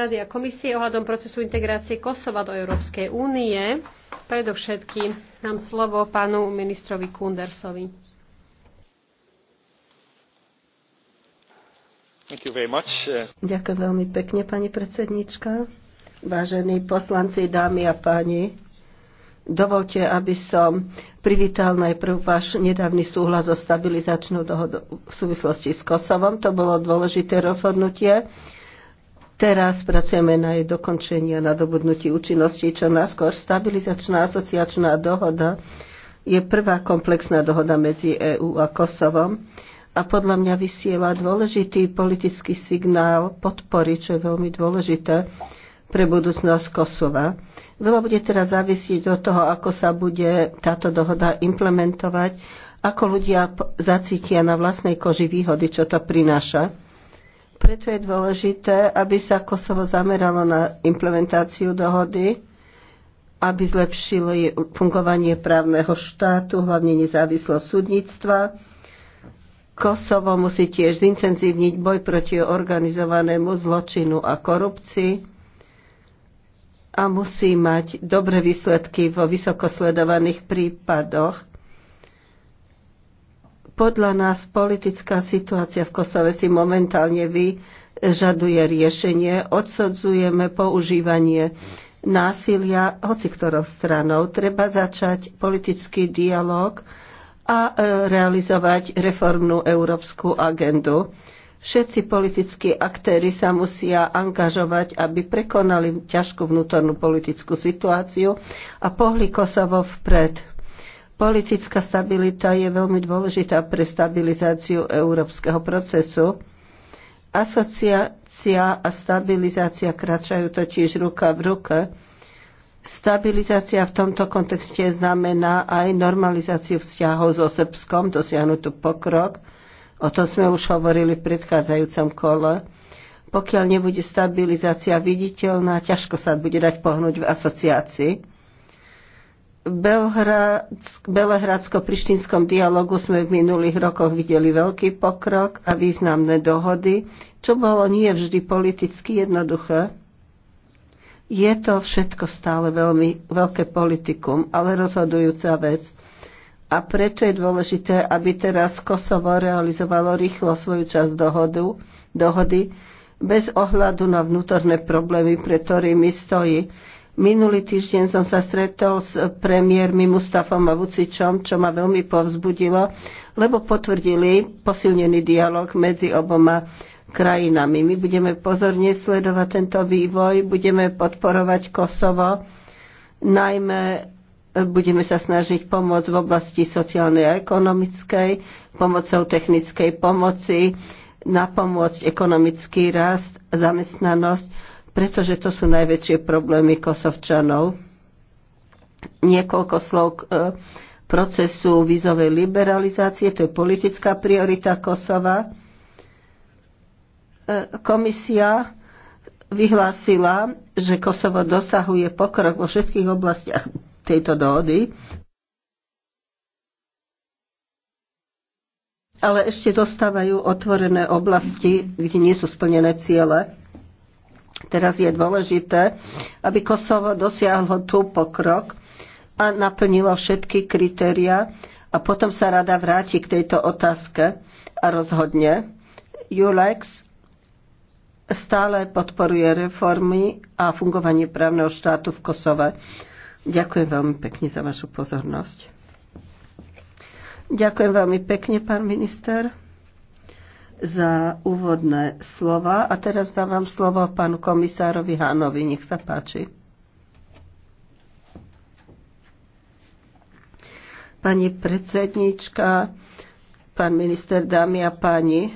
Rady a komisie ohľadom procesu integrácie Kosova do Európskej únie. Predovšetkým nám slovo pánu ministrovi Kundersovi. Ďakujem veľmi pekne, pani predsednička. Vážení poslanci, dámy a páni, dovolte, aby som privítal najprv váš nedávny súhlas so stabilizačnou dohodou v súvislosti s Kosovom. To bolo dôležité rozhodnutie Teraz pracujeme na jej dokončení a nadobudnutí účinnosti, čo náskôr stabilizačná asociačná dohoda je prvá komplexná dohoda medzi EÚ a Kosovom a podľa mňa vysiela dôležitý politický signál podpory, čo je veľmi dôležité pre budúcnosť Kosova. Veľa bude teraz závisieť od toho, ako sa bude táto dohoda implementovať, ako ľudia zacítia na vlastnej koži výhody, čo to prináša. Preto je dôležité, aby sa Kosovo zameralo na implementáciu dohody, aby zlepšili fungovanie právneho štátu, hlavne nezávislosť súdnictva. Kosovo musí tiež zintenzívniť boj proti organizovanému zločinu a korupcii a musí mať dobré výsledky vo vysokosledovaných prípadoch. Podľa nás politická situácia v Kosove si momentálne vyžaduje riešenie. Odsudzujeme používanie násilia hoci ktorou stranou. Treba začať politický dialog a e, realizovať reformnú európsku agendu. Všetci politickí aktéry sa musia angažovať, aby prekonali ťažkú vnútornú politickú situáciu a pohli Kosovo vpred Politická stabilita je veľmi dôležitá pre stabilizáciu európskeho procesu. Asociácia a stabilizácia kračajú totiž ruka v ruke. Stabilizácia v tomto kontexte znamená aj normalizáciu vzťahov so Srbskom, dosiahnutú pokrok. O tom sme už hovorili v predchádzajúcom kole. Pokiaľ nebude stabilizácia viditeľná, ťažko sa bude dať pohnúť v asociácii. Belehradsko-Prištinskom dialogu sme v minulých rokoch videli veľký pokrok a významné dohody, čo bolo nie vždy politicky jednoduché. Je to všetko stále veľmi veľké politikum, ale rozhodujúca vec. A preto je dôležité, aby teraz Kosovo realizovalo rýchlo svoju časť dohodu, dohody bez ohľadu na vnútorné problémy, pre ktorými stojí Minulý týždeň som sa stretol s premiérmi Mustafom a Vucičom, čo ma veľmi povzbudilo, lebo potvrdili posilnený dialog medzi oboma krajinami. My budeme pozorne sledovať tento vývoj, budeme podporovať Kosovo, najmä budeme sa snažiť pomôcť v oblasti sociálnej a ekonomickej, pomocou technickej pomoci, napomôcť ekonomický rast, zamestnanosť pretože to sú najväčšie problémy kosovčanov. Niekoľko slov k e, procesu vízovej liberalizácie, to je politická priorita Kosova. E, komisia vyhlásila, že Kosovo dosahuje pokrok vo všetkých oblastiach tejto dohody, ale ešte zostávajú otvorené oblasti, kde nie sú splnené ciele. Teraz je dôležité, aby Kosovo dosiahlo tu pokrok a naplnilo všetky kritéria a potom sa rada vráti k tejto otázke a rozhodne. Julex stále podporuje reformy a fungovanie právneho štátu v Kosove. Ďakujem veľmi pekne za vašu pozornosť. Ďakujem veľmi pekne, pán minister za úvodné slova. A teraz dávam slovo pánu komisárovi Hánovi. Nech sa páči. Pani predsednička, pán minister, dámy a páni,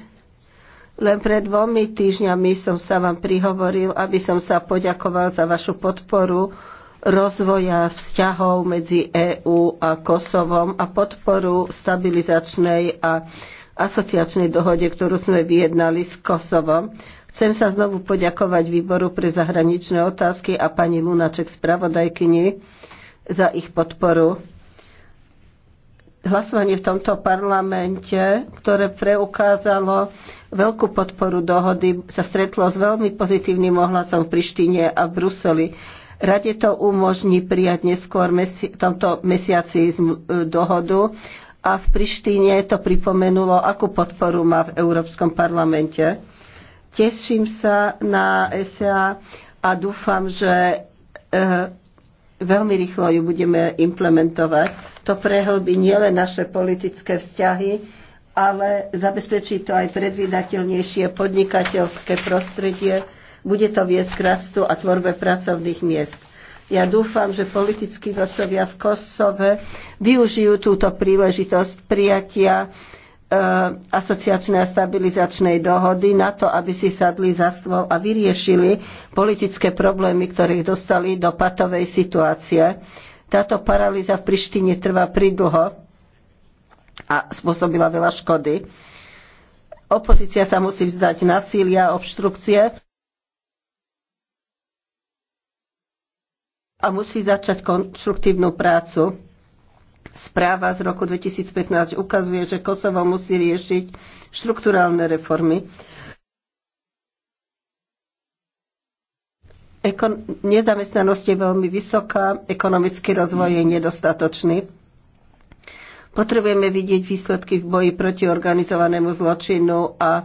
len pred dvomi týždňami som sa vám prihovoril, aby som sa poďakoval za vašu podporu rozvoja vzťahov medzi EÚ a Kosovom a podporu stabilizačnej a asociačnej dohode, ktorú sme vyjednali s Kosovom. Chcem sa znovu poďakovať výboru pre zahraničné otázky a pani Lunaček spravodajkyni za ich podporu hlasovanie v tomto parlamente, ktoré preukázalo veľkú podporu dohody, sa stretlo s veľmi pozitívnym ohlasom v Prištine a v Bruseli. Rade to umožní prijať neskôr mesi- tomto mesiaci dohodu a v Prištíne to pripomenulo, akú podporu má v Európskom parlamente. Teším sa na SEA a dúfam, že e, veľmi rýchlo ju budeme implementovať. To prehlbí nielen naše politické vzťahy, ale zabezpečí to aj predvydateľnejšie podnikateľské prostredie. Bude to viesť k rastu a tvorbe pracovných miest. Ja dúfam, že politickí vodcovia v Kosove využijú túto príležitosť prijatia e, asociačnej a stabilizačnej dohody na to, aby si sadli za stôl a vyriešili politické problémy, ktorých dostali do patovej situácie. Táto paralýza v Prištine trvá pridlho a spôsobila veľa škody. Opozícia sa musí vzdať násilia, obštrukcie a musí začať konštruktívnu prácu. Správa z roku 2015 ukazuje, že Kosovo musí riešiť štrukturálne reformy. Eko- nezamestnanosť je veľmi vysoká, ekonomický rozvoj je nedostatočný. Potrebujeme vidieť výsledky v boji proti organizovanému zločinu a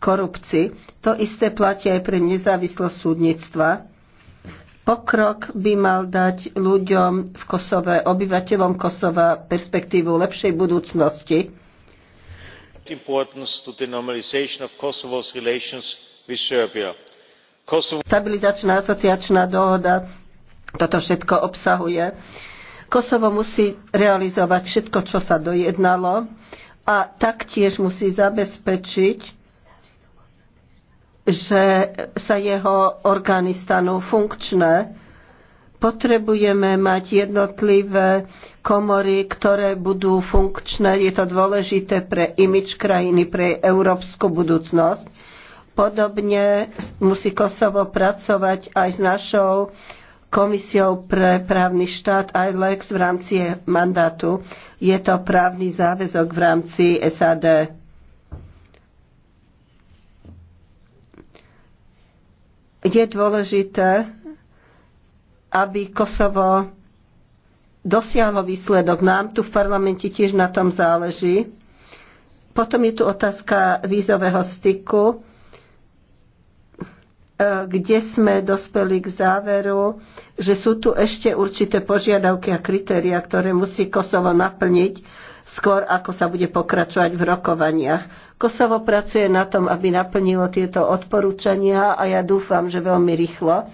korupcii. To isté platí aj pre nezávislosť súdnictva Pokrok by mal dať ľuďom v Kosove, obyvateľom Kosova perspektívu lepšej budúcnosti. Stabilizačná asociačná dohoda toto všetko obsahuje. Kosovo musí realizovať všetko, čo sa dojednalo a taktiež musí zabezpečiť, že sa jeho orgány stanú funkčné. Potrebujeme mať jednotlivé komory, ktoré budú funkčné. Je to dôležité pre imič krajiny, pre európsku budúcnosť. Podobne musí Kosovo pracovať aj s našou komisiou pre právny štát ILEX v rámci mandátu. Je to právny záväzok v rámci SAD. Je dôležité, aby Kosovo dosiahlo výsledok. Nám tu v parlamente tiež na tom záleží. Potom je tu otázka vízového styku, e, kde sme dospeli k záveru, že sú tu ešte určité požiadavky a kritéria, ktoré musí Kosovo naplniť, skôr ako sa bude pokračovať v rokovaniach. Kosovo pracuje na tom, aby naplnilo tieto odporúčania a ja dúfam, že veľmi rýchlo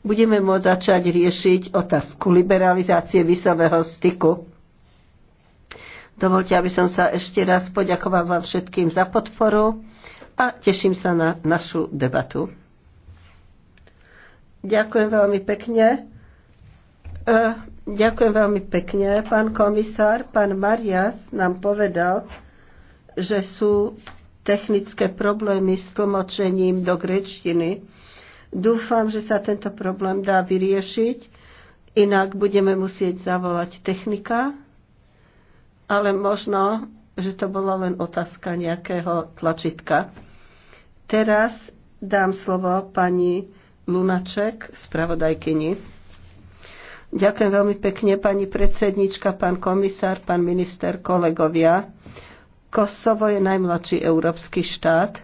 budeme môcť začať riešiť otázku liberalizácie vysového styku. Dovolte, aby som sa ešte raz poďakoval vám všetkým za podporu a teším sa na našu debatu. Ďakujem veľmi pekne. E, Ďakujem veľmi pekne. Pán komisár, pán Marias nám povedal, že sú technické problémy s tlmočením do grečtiny. Dúfam, že sa tento problém dá vyriešiť, inak budeme musieť zavolať technika, ale možno, že to bola len otázka nejakého tlačítka. Teraz dám slovo pani Lunaček, spravodajkyni. Ďakujem veľmi pekne, pani predsednička, pán komisár, pán minister, kolegovia. Kosovo je najmladší európsky štát.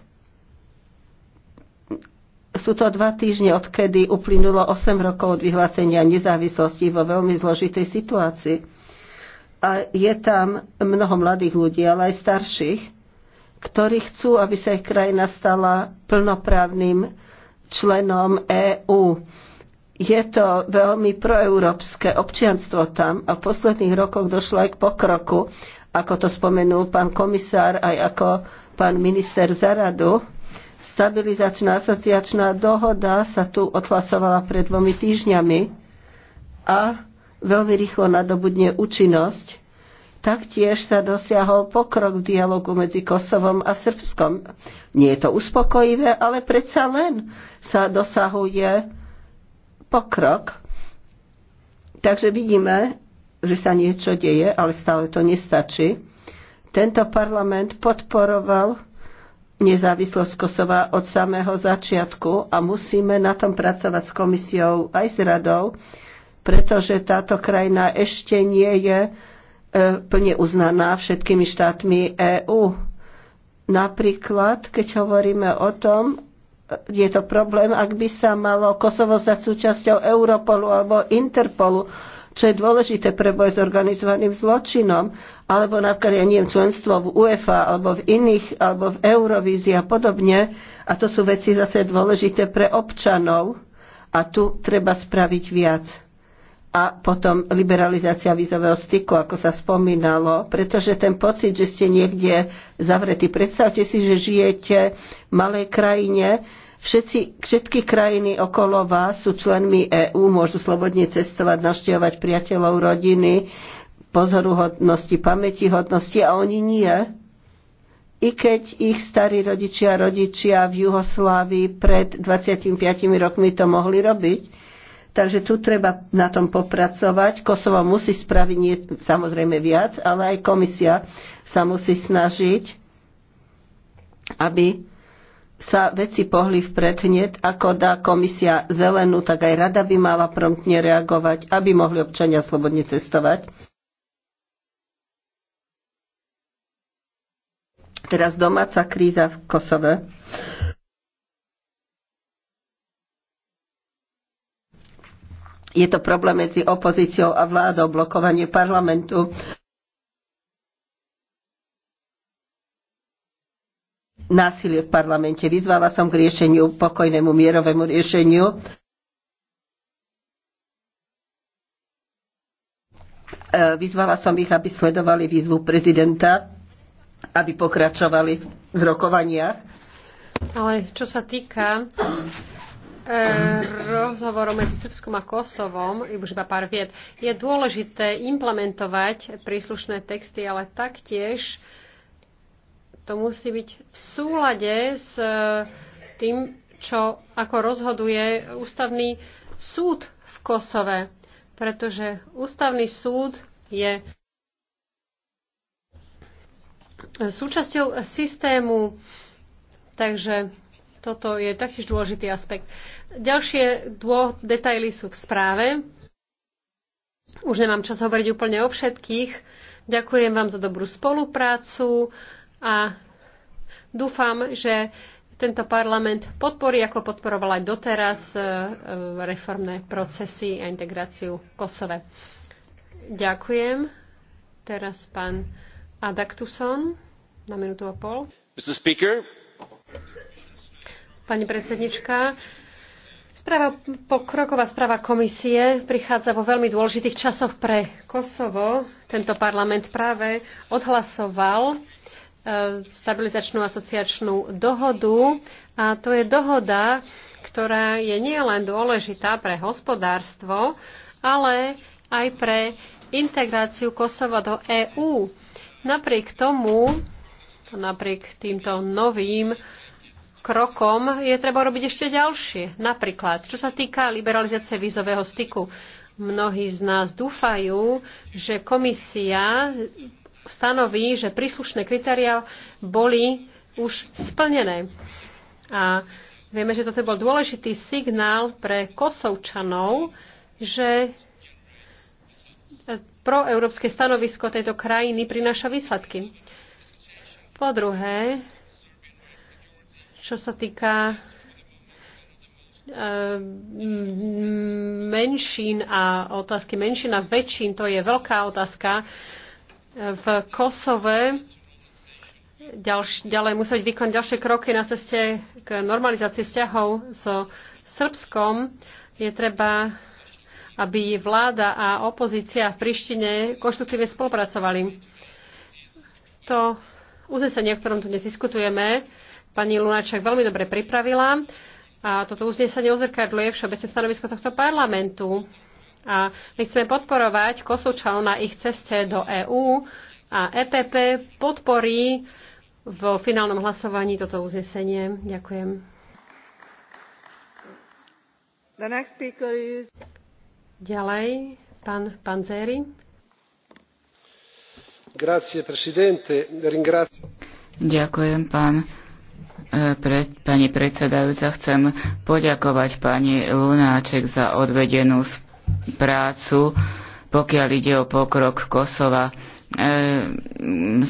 Sú to dva týždne, odkedy uplynulo 8 rokov od vyhlásenia nezávislosti vo veľmi zložitej situácii. A je tam mnoho mladých ľudí, ale aj starších, ktorí chcú, aby sa ich krajina stala plnoprávnym členom EÚ je to veľmi proeurópske občianstvo tam a v posledných rokoch došlo aj k pokroku, ako to spomenul pán komisár, aj ako pán minister Zaradu. Stabilizačná asociačná dohoda sa tu odhlasovala pred dvomi týždňami a veľmi rýchlo nadobudne účinnosť. Taktiež sa dosiahol pokrok v dialogu medzi Kosovom a Srbskom. Nie je to uspokojivé, ale predsa len sa dosahuje pokrok. Takže vidíme, že sa niečo deje, ale stále to nestačí. Tento parlament podporoval nezávislosť Kosova od samého začiatku a musíme na tom pracovať s komisiou aj s radou, pretože táto krajina ešte nie je e, plne uznaná všetkými štátmi EÚ. Napríklad, keď hovoríme o tom, je to problém, ak by sa malo Kosovo stať súčasťou Europolu alebo Interpolu, čo je dôležité pre boj s organizovaným zločinom, alebo napríklad, ja neviem, členstvo v UEFA, alebo v iných, alebo v Eurovízii a podobne. A to sú veci zase dôležité pre občanov. A tu treba spraviť viac a potom liberalizácia vízového styku, ako sa spomínalo, pretože ten pocit, že ste niekde zavretí. Predstavte si, že žijete v malej krajine, Všetci, všetky krajiny okolo vás sú členmi EÚ, môžu slobodne cestovať, navštevovať priateľov, rodiny, pozoruhodnosti, pamätihodnosti a oni nie. I keď ich starí rodičia rodičia v Juhoslávii pred 25 rokmi to mohli robiť, Takže tu treba na tom popracovať. Kosovo musí spraviť nie, samozrejme viac, ale aj komisia sa musí snažiť, aby sa veci pohli vpred hneď, ako dá komisia zelenú, tak aj rada by mala promptne reagovať, aby mohli občania slobodne cestovať. Teraz domáca kríza v Kosove Je to problém medzi opozíciou a vládou, blokovanie parlamentu. násilie v parlamente. Vyzvala som k riešeniu, pokojnému mierovému riešeniu. E, vyzvala som ich, aby sledovali výzvu prezidenta, aby pokračovali v rokovaniach. Ale čo sa týka rozhovorom medzi Srbskom a Kosovom, už iba pár viet, je dôležité implementovať príslušné texty, ale taktiež to musí byť v súlade s e, tým, čo ako rozhoduje ústavný súd v Kosove, pretože ústavný súd je súčasťou systému, takže toto je taktiež dôležitý aspekt. Ďalšie dô, detaily sú v správe. Už nemám čas hovoriť úplne o všetkých. Ďakujem vám za dobrú spoluprácu a dúfam, že tento parlament podporí, ako podporoval aj doteraz, e, e, reformné procesy a integráciu Kosove. Ďakujem. Teraz pán Adaktuson na minútu a pol. Pani predsednička, Správa, pokroková správa komisie prichádza vo veľmi dôležitých časoch pre Kosovo. Tento parlament práve odhlasoval e, stabilizačnú asociačnú dohodu a to je dohoda, ktorá je nielen dôležitá pre hospodárstvo, ale aj pre integráciu Kosova do EÚ. Napriek tomu, napriek týmto novým krokom je treba robiť ešte ďalšie. Napríklad, čo sa týka liberalizácie vízového styku, mnohí z nás dúfajú, že komisia stanoví, že príslušné kritéria boli už splnené. A vieme, že toto bol dôležitý signál pre Kosovčanov, že proeurópske stanovisko tejto krajiny prináša výsledky. Po druhé, čo sa týka e, menšín a otázky menšín a väčšín, to je veľká otázka. E, v Kosove ďalš, ďalej byť vykonať ďalšie kroky na ceste k normalizácii vzťahov so Srbskom. Je treba, aby vláda a opozícia v Prištine konštruktívne spolupracovali. To uznesenie, o ktorom tu dnes diskutujeme, pani Lunačak veľmi dobre pripravila a toto uznesenie odzrkadľuje všeobecné stanovisko tohto parlamentu. A my chceme podporovať Kosovčanov na ich ceste do EÚ a EPP podporí v finálnom hlasovaní toto uznesenie. Ďakujem. The next speaker is... Ďalej, pán Panzeri. Grazie, presidente. Ringrazio... Ďakujem, pán pre, pani predsedajúca, chcem poďakovať pani Lunáček za odvedenú prácu, pokiaľ ide o pokrok Kosova. E,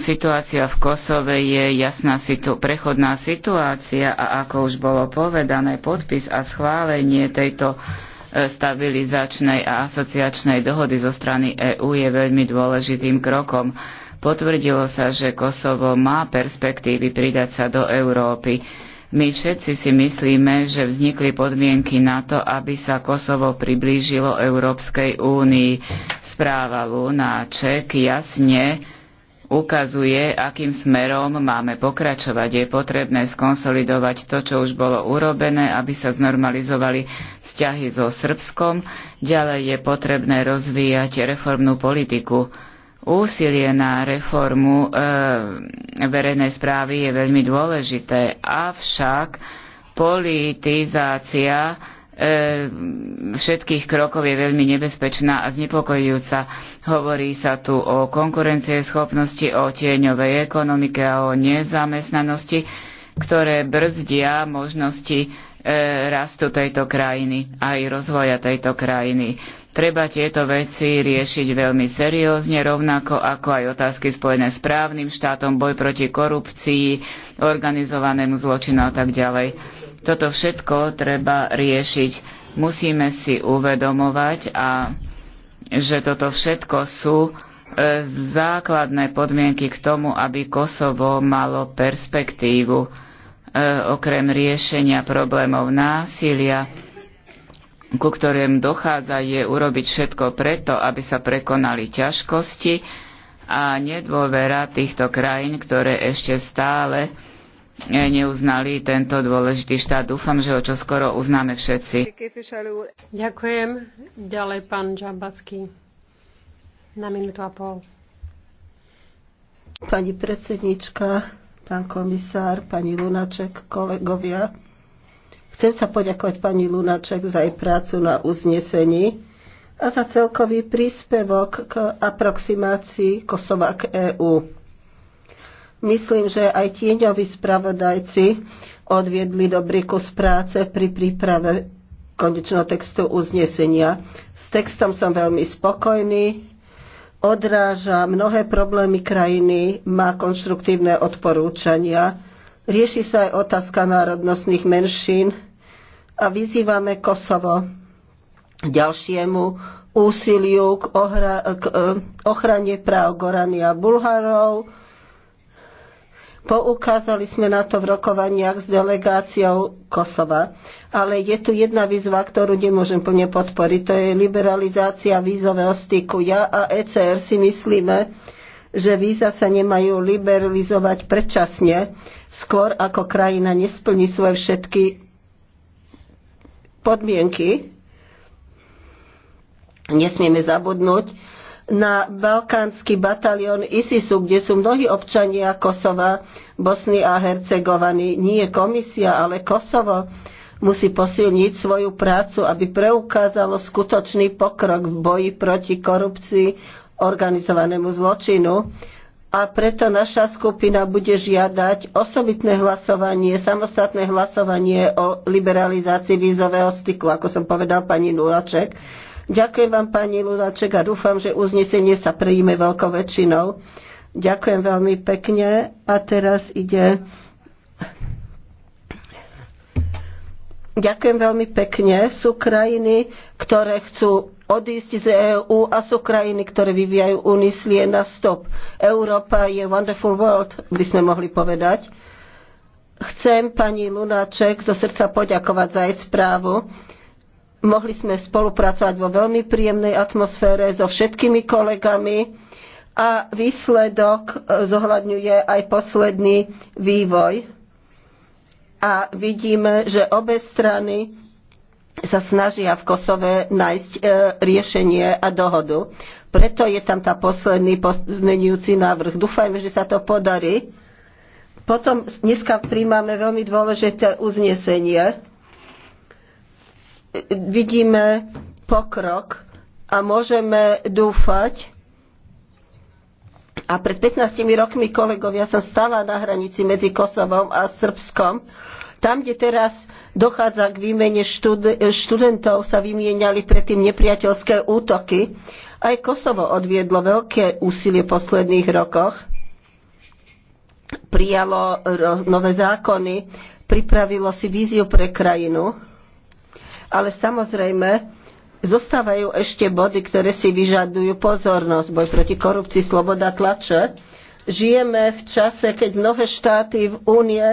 situácia v Kosove je jasná situ- prechodná situácia a ako už bolo povedané, podpis a schválenie tejto e, stabilizačnej a asociačnej dohody zo strany EÚ je veľmi dôležitým krokom. Potvrdilo sa, že Kosovo má perspektívy pridať sa do Európy. My všetci si myslíme, že vznikli podmienky na to, aby sa Kosovo priblížilo Európskej únii. Správa Lunáček jasne ukazuje, akým smerom máme pokračovať. Je potrebné skonsolidovať to, čo už bolo urobené, aby sa znormalizovali vzťahy so Srbskom. Ďalej je potrebné rozvíjať reformnú politiku úsilie na reformu e, verejnej správy je veľmi dôležité, avšak politizácia e, všetkých krokov je veľmi nebezpečná a znepokojujúca. Hovorí sa tu o konkurencieschopnosti, o tieňovej ekonomike a o nezamestnanosti, ktoré brzdia možnosti e, rastu tejto krajiny, aj rozvoja tejto krajiny. Treba tieto veci riešiť veľmi seriózne, rovnako ako aj otázky spojené s právnym štátom, boj proti korupcii, organizovanému zločinu a tak ďalej. Toto všetko treba riešiť. Musíme si uvedomovať, a, že toto všetko sú e, základné podmienky k tomu, aby Kosovo malo perspektívu e, okrem riešenia problémov násilia ku ktorým dochádza, je urobiť všetko preto, aby sa prekonali ťažkosti a nedôvera týchto krajín, ktoré ešte stále e, neuznali tento dôležitý štát. Dúfam, že ho čoskoro uznáme všetci. Ďakujem. Ďalej pán Žambacký. Na minútu a pol. Pani predsednička, pán komisár, pani Lunaček, kolegovia. Chcem sa poďakovať pani Lunaček za jej prácu na uznesení a za celkový príspevok k aproximácii Kosova k EÚ. Myslím, že aj tieňoví spravodajci odviedli dobrý kus práce pri príprave konečného textu uznesenia. S textom som veľmi spokojný, odráža mnohé problémy krajiny, má konštruktívne odporúčania Rieši sa aj otázka národnostných menšín a vyzývame Kosovo ďalšiemu úsiliu k, ohra- k e, ochrane práv Gorania Bulharov. Poukázali sme na to v rokovaniach s delegáciou Kosova. Ale je tu jedna výzva, ktorú nemôžem plne podporiť. To je liberalizácia vízového styku. Ja a ECR si myslíme, že víza sa nemajú liberalizovať predčasne, skôr ako krajina nesplní svoje všetky podmienky. Nesmieme zabudnúť na balkánsky batalión ISISu, kde sú mnohí občania Kosova, Bosny a Hercegovany. Nie komisia, ale Kosovo musí posilniť svoju prácu, aby preukázalo skutočný pokrok v boji proti korupcii, organizovanému zločinu a preto naša skupina bude žiadať osobitné hlasovanie, samostatné hlasovanie o liberalizácii vízového styku, ako som povedal pani Nulaček. Ďakujem vám, pani Nulaček, a dúfam, že uznesenie sa prijíme veľkou väčšinou. Ďakujem veľmi pekne a teraz ide Ďakujem veľmi pekne. Sú krajiny, ktoré chcú odísť z EÚ a sú krajiny, ktoré vyvíjajú unislie na stop. Európa je wonderful world, by sme mohli povedať. Chcem pani Lunáček zo srdca poďakovať za jej správu. Mohli sme spolupracovať vo veľmi príjemnej atmosfére so všetkými kolegami a výsledok eh, zohľadňuje aj posledný vývoj a vidíme, že obe strany sa snažia v Kosove nájsť e, riešenie a dohodu. Preto je tam tá posledný pozmenujúci návrh. Dúfajme, že sa to podarí. Potom dneska príjmame veľmi dôležité uznesenie. Vidíme pokrok a môžeme dúfať, a pred 15 rokmi kolegovia som stala na hranici medzi Kosovom a Srbskom tam, kde teraz dochádza k výmene štud študentov, sa vymieniali predtým nepriateľské útoky. Aj Kosovo odviedlo veľké úsilie v posledných rokoch. Prijalo nové zákony, pripravilo si víziu pre krajinu, ale samozrejme zostávajú ešte body, ktoré si vyžadujú pozornosť. Boj proti korupcii, sloboda tlače. Žijeme v čase, keď mnohé štáty v únie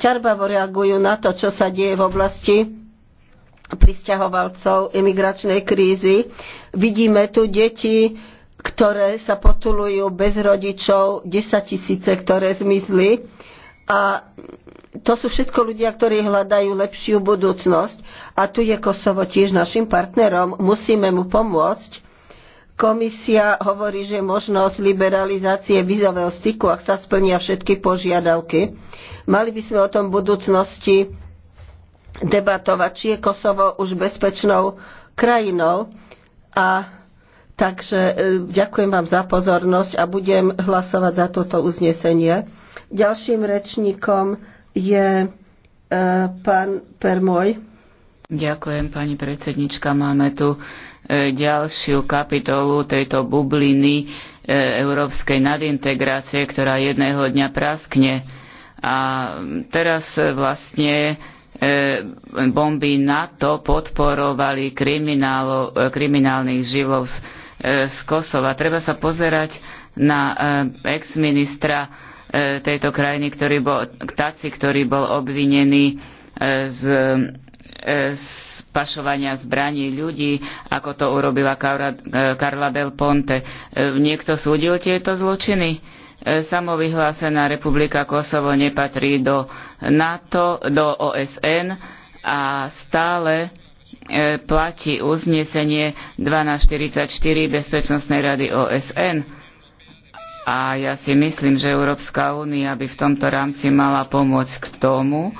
ťarbavo e, reagujú na to, čo sa deje v oblasti pristahovalcov imigračnej krízy. Vidíme tu deti, ktoré sa potulujú bez rodičov, 10 tisíce, ktoré zmizli. A to sú všetko ľudia, ktorí hľadajú lepšiu budúcnosť. A tu je Kosovo tiež našim partnerom. Musíme mu pomôcť. Komisia hovorí, že možnosť liberalizácie vizového styku, ak sa splnia všetky požiadavky. Mali by sme o tom v budúcnosti debatovať, či je Kosovo už bezpečnou krajinou. A takže e, ďakujem vám za pozornosť a budem hlasovať za toto uznesenie. Ďalším rečníkom je e, pán Permoj. Ďakujem, pani predsednička. Máme tu e, ďalšiu kapitolu tejto bubliny e, európskej nadintegrácie, ktorá jedného dňa praskne a teraz vlastne e, bomby NATO podporovali e, kriminálnych živlov z, e, z Kosova. Treba sa pozerať na ex-ministra tejto krajiny, ktorý bol, Taci, ktorý bol obvinený z, z pašovania zbraní ľudí, ako to urobila Karla Del Ponte. Niekto súdil tieto zločiny? E, samovyhlásená republika Kosovo nepatrí do NATO, do OSN a stále e, platí uznesenie 1244 Bezpečnostnej rady OSN. A ja si myslím, že Európska únia by v tomto rámci mala pomôcť k tomu,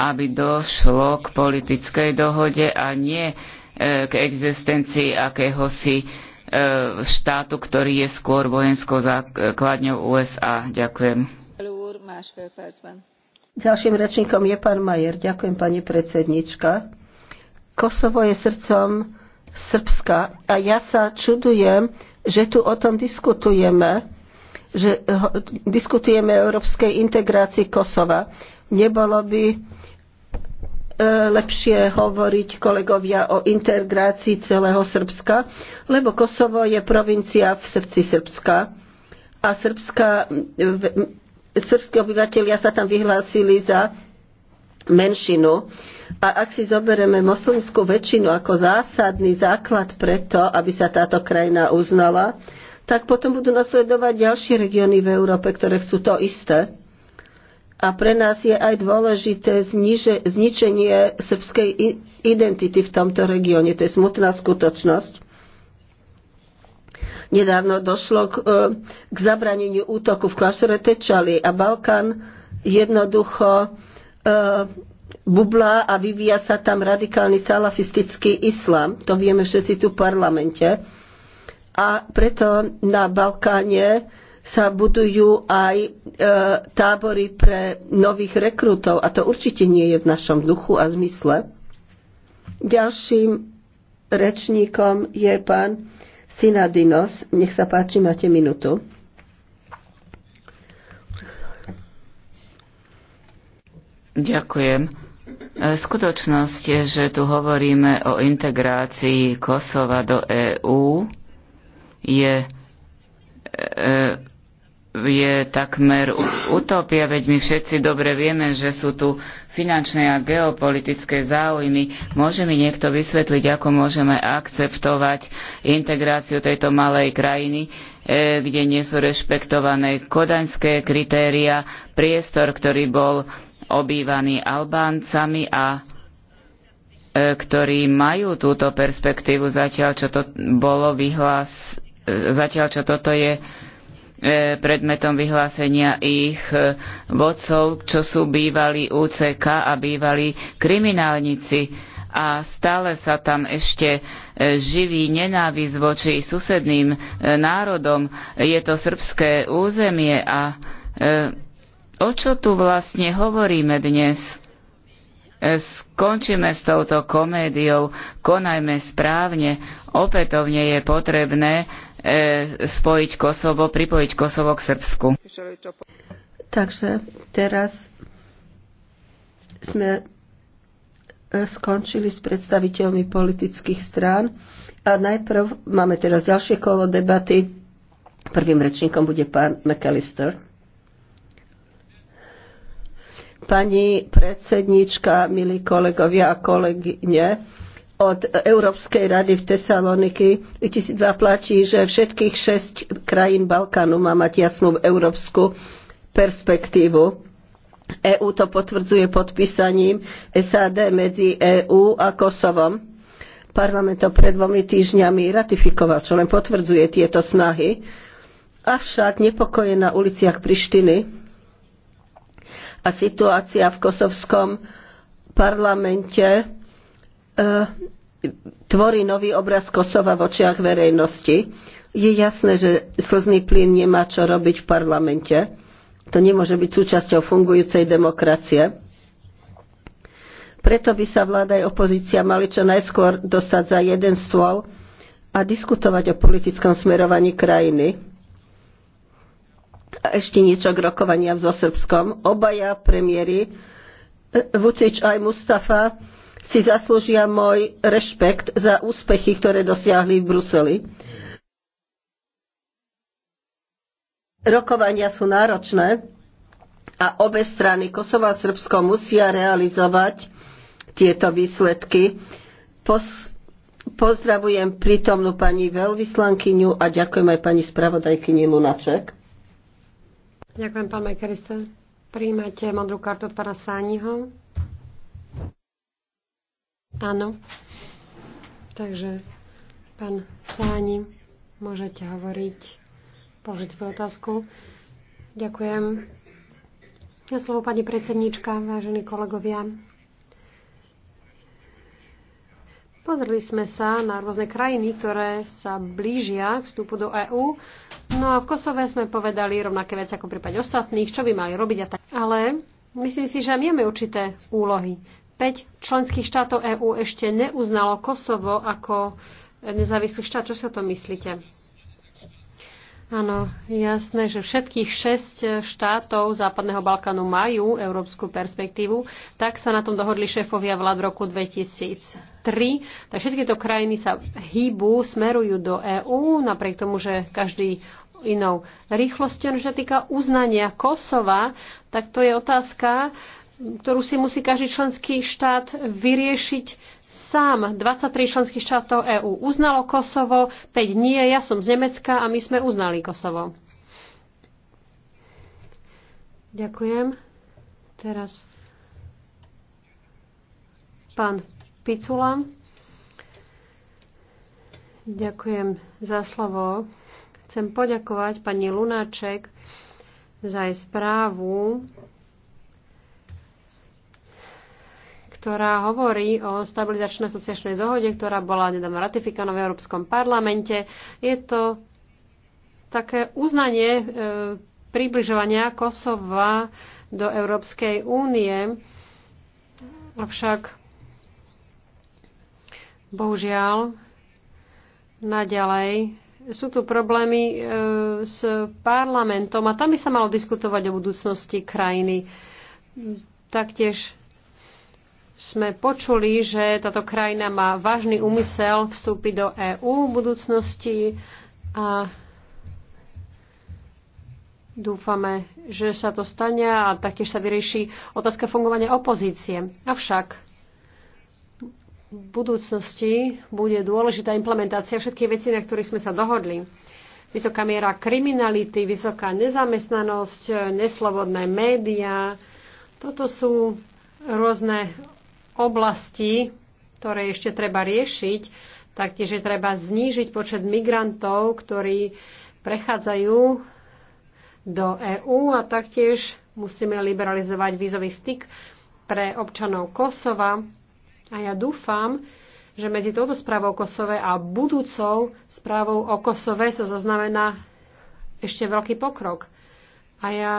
aby došlo k politickej dohode a nie e, k existencii akéhosi E, štátu, ktorý je skôr vojenskou základňou USA. Ďakujem. Ďalším rečníkom je pán Majer. Ďakujem, pani predsednička. Kosovo je srdcom Srbska a ja sa čudujem, že tu o tom diskutujeme, že diskutujeme o európskej integrácii Kosova. Nebolo by E, lepšie hovoriť kolegovia o integrácii celého Srbska, lebo Kosovo je provincia v srdci Srbska a srbska, srbské obyvateľia sa tam vyhlásili za menšinu. A ak si zoberieme moslimskú väčšinu ako zásadný základ preto, aby sa táto krajina uznala, tak potom budú nasledovať ďalšie regióny v Európe, ktoré chcú to isté. A pre nás je aj dôležité zniže, zničenie srbskej identity v tomto regióne. To je smutná skutočnosť. Nedávno došlo k, e, k zabraneniu útoku v Klašere Tečali a Balkán jednoducho e, bublá a vyvíja sa tam radikálny salafistický islám. To vieme všetci tu v parlamente. A preto na Balkáne sa budujú aj e, tábory pre nových rekrutov a to určite nie je v našom duchu a zmysle. Ďalším rečníkom je pán Sinadinos. Nech sa páči, máte minútu. Ďakujem. E, skutočnosť je, že tu hovoríme o integrácii Kosova do EÚ, je e, je takmer utopia, veď my všetci dobre vieme, že sú tu finančné a geopolitické záujmy. Môže mi niekto vysvetliť, ako môžeme akceptovať integráciu tejto malej krajiny, e, kde nie sú rešpektované kodaňské kritéria, priestor, ktorý bol obývaný Albáncami a e, ktorí majú túto perspektívu, zatiaľ čo to bolo vyhlás, e, zatiaľ čo toto je E, predmetom vyhlásenia ich e, vodcov, čo sú bývalí UCK a bývalí kriminálnici. A stále sa tam ešte e, živí nenávisť voči susedným národom. Je to srbské územie a o čo tu vlastne hovoríme dnes? Skončíme s touto komédiou, konajme správne. Opätovne je potrebné E, spojiť Kosovo, pripojiť Kosovo k Srbsku. Takže teraz sme e, skončili s predstaviteľmi politických strán a najprv máme teraz ďalšie kolo debaty. Prvým rečníkom bude pán McAllister. Pani predsednička, milí kolegovia a kolegyne, od Európskej rady v Tesaloniky dva platí, že všetkých šesť krajín Balkánu má mať jasnú európsku perspektívu. EÚ to potvrdzuje podpísaním SAD medzi EÚ a Kosovom. Parlament to pred dvomi týždňami ratifikoval, čo len potvrdzuje tieto snahy. Avšak nepokoje na uliciach Prištiny a situácia v kosovskom parlamente E, tvorí nový obraz Kosova v očiach verejnosti. Je jasné, že slzný plyn nemá čo robiť v parlamente. To nemôže byť súčasťou fungujúcej demokracie. Preto by sa vláda aj opozícia mali čo najskôr dostať za jeden stôl a diskutovať o politickom smerovaní krajiny. A ešte niečo k rokovaniam so Srbskom. Obaja premiéry, e, Vucič aj Mustafa, si zaslúžia môj rešpekt za úspechy, ktoré dosiahli v Bruseli. Rokovania sú náročné a obe strany, Kosovo a Srbsko, musia realizovať tieto výsledky. Pos- pozdravujem prítomnú pani veľvyslankyňu a ďakujem aj pani spravodajkyni Lunaček. Ďakujem, pán Majkeriste. Príjmate modrú kartu od pána Sániho. Áno. Takže, pán Sáni, môžete hovoriť, položiť svoju otázku. Ďakujem. Na slovo pani predsednička, vážení kolegovia. Pozreli sme sa na rôzne krajiny, ktoré sa blížia k vstupu do EÚ. No a v Kosove sme povedali rovnaké veci ako v prípade ostatných, čo by mali robiť a tak. Ale myslím si, že my máme určité úlohy. 5 členských štátov EÚ ešte neuznalo Kosovo ako nezávislý štát. Čo si o tom myslíte? Áno, jasné, že všetkých 6 štátov Západného Balkánu majú európsku perspektívu, tak sa na tom dohodli šéfovia vlád v roku 2003. Tak všetky to krajiny sa hýbu, smerujú do EÚ, napriek tomu, že každý inou rýchlosťou. Čo sa týka uznania Kosova, tak to je otázka, ktorú si musí každý členský štát vyriešiť sám. 23 členských štátov EÚ uznalo Kosovo, 5 nie, ja som z Nemecka a my sme uznali Kosovo. Ďakujem. Teraz pán Picula. Ďakujem za slovo. Chcem poďakovať pani Lunáček za jej správu ktorá hovorí o stabilizačnej asociačnej dohode, ktorá bola nedávno ratifikovaná v Európskom parlamente. Je to také uznanie e, približovania Kosova do Európskej únie. Avšak bohužiaľ naďalej sú tu problémy e, s parlamentom a tam by sa malo diskutovať o budúcnosti krajiny. Taktiež sme počuli, že táto krajina má vážny úmysel vstúpiť do EÚ v budúcnosti a dúfame, že sa to stane a taktiež sa vyrieši otázka fungovania opozície. Avšak v budúcnosti bude dôležitá implementácia všetkých vecí, na ktorých sme sa dohodli. Vysoká miera kriminality, vysoká nezamestnanosť, neslobodné médiá. Toto sú rôzne oblasti, ktoré ešte treba riešiť. Taktiež je treba znížiť počet migrantov, ktorí prechádzajú do EÚ a taktiež musíme liberalizovať vízový styk pre občanov Kosova. A ja dúfam, že medzi touto správou o Kosove a budúcou správou o Kosove sa zaznamená ešte veľký pokrok. A ja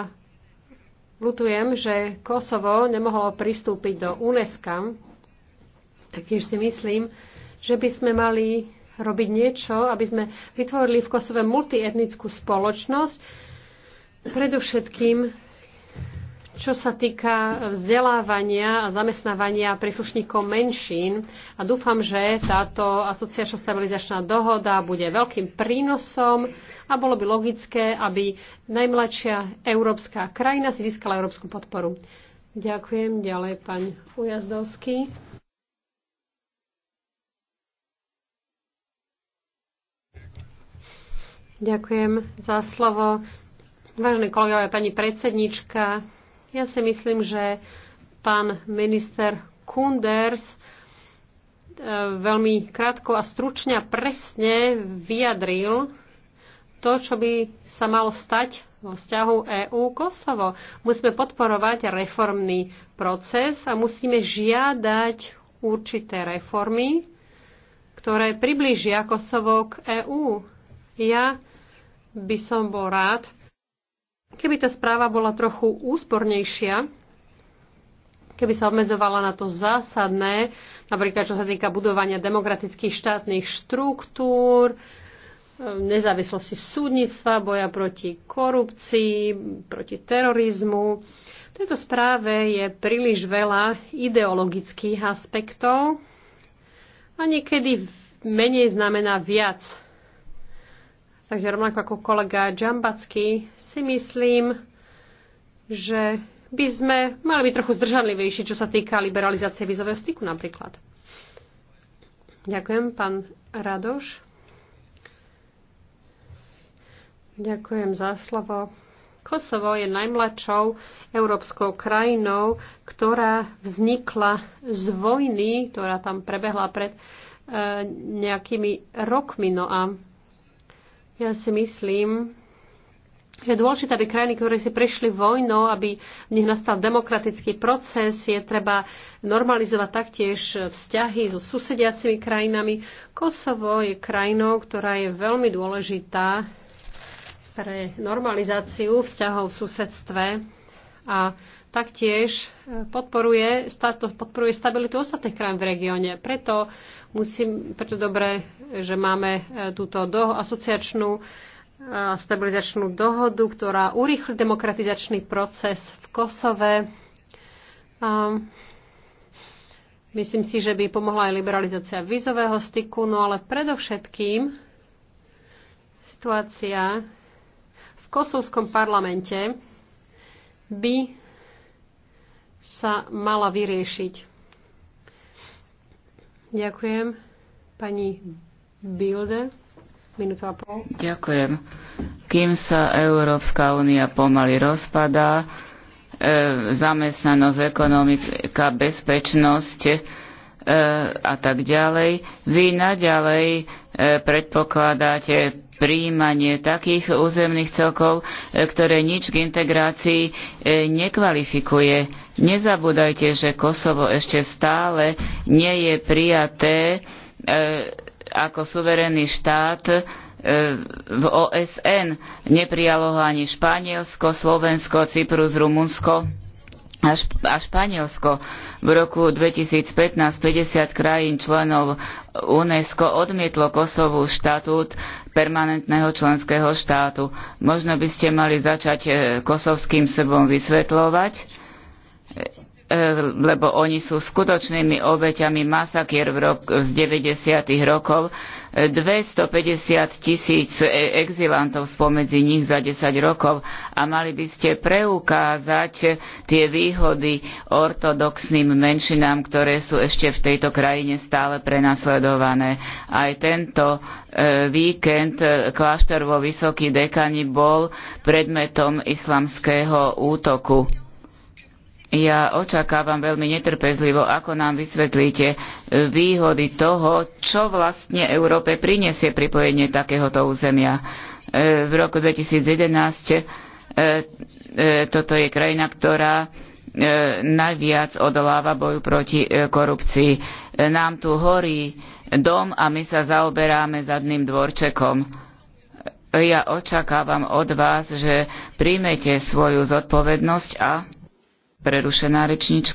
Lutujem, že Kosovo nemohlo pristúpiť do UNESCO, tiež si myslím, že by sme mali robiť niečo, aby sme vytvorili v Kosove multietnickú spoločnosť, predovšetkým čo sa týka vzdelávania a zamestnávania príslušníkov menšín. A dúfam, že táto asociačná stabilizačná dohoda bude veľkým prínosom a bolo by logické, aby najmladšia európska krajina si získala európsku podporu. Ďakujem. Ďalej pán Ujazdovský. Ďakujem za slovo. Vážené kolegovia, pani predsednička, ja si myslím, že pán minister Kunders e, veľmi krátko a stručne a presne vyjadril to, čo by sa malo stať vo vzťahu EÚ-Kosovo. Musíme podporovať reformný proces a musíme žiadať určité reformy, ktoré priblížia Kosovo k EÚ. Ja by som bol rád, Keby tá správa bola trochu úspornejšia, keby sa obmedzovala na to zásadné, napríklad čo sa týka budovania demokratických štátnych štruktúr, e, nezávislosti súdnictva, boja proti korupcii, proti terorizmu. V tejto správe je príliš veľa ideologických aspektov a niekedy menej znamená viac. Takže rovnako ako kolega Džambacký si myslím, že by sme mali byť trochu zdržanlivejší, čo sa týka liberalizácie vizového styku napríklad. Ďakujem, pán Radoš. Ďakujem za slovo. Kosovo je najmladšou európskou krajinou, ktorá vznikla z vojny, ktorá tam prebehla pred e, nejakými rokmi. No a ja si myslím, je dôležité, aby krajiny, ktoré si prešli vojnou, aby v nich nastal demokratický proces, je treba normalizovať taktiež vzťahy so susediacimi krajinami. Kosovo je krajinou, ktorá je veľmi dôležitá pre normalizáciu vzťahov v susedstve a taktiež e, podporuje, podporuje stabilitu ostatných krajín v regióne. Preto, musím, preto dobre, že máme e, túto do, asociačnú e, stabilizačnú dohodu, ktorá urýchli demokratizačný proces v Kosove. A myslím si, že by pomohla aj liberalizácia vízového styku, no ale predovšetkým situácia v kosovskom parlamente by sa mala vyriešiť. Ďakujem. Pani Bilde, minúta a pol. Ďakujem. Kým sa Európska únia pomaly rozpadá, e, zamestnanosť, ekonomika, bezpečnosť e, a tak ďalej. Vy naďalej e, predpokladáte príjmanie takých územných celkov, e, ktoré nič k integrácii e, nekvalifikuje. Nezabúdajte, že Kosovo ešte stále nie je prijaté e, ako suverénny štát e, v OSN. Neprijalo ho ani Španielsko, Slovensko, Cyprus, Rumunsko a Španielsko. V roku 2015 50 krajín členov UNESCO odmietlo Kosovu štatút permanentného členského štátu. Možno by ste mali začať e, kosovským sebom vysvetľovať, E, lebo oni sú skutočnými obeťami masakier v rok, z 90. rokov. 250 e, tisíc e, exilantov spomedzi nich za 10 rokov a mali by ste preukázať tie výhody ortodoxným menšinám, ktoré sú ešte v tejto krajine stále prenasledované. Aj tento víkend kláštor vo Vysoký dekani bol predmetom islamského útoku ja očakávam veľmi netrpezlivo, ako nám vysvetlíte e, výhody toho, čo vlastne Európe prinesie pripojenie takéhoto územia. E, v roku 2011 e, toto je krajina, ktorá najviac odoláva boju proti korupcii. Nám tu horí dom a my sa zaoberáme zadným dvorčekom ja očakávam od vás, že príjmete svoju zodpovednosť a Prerušená rečnička.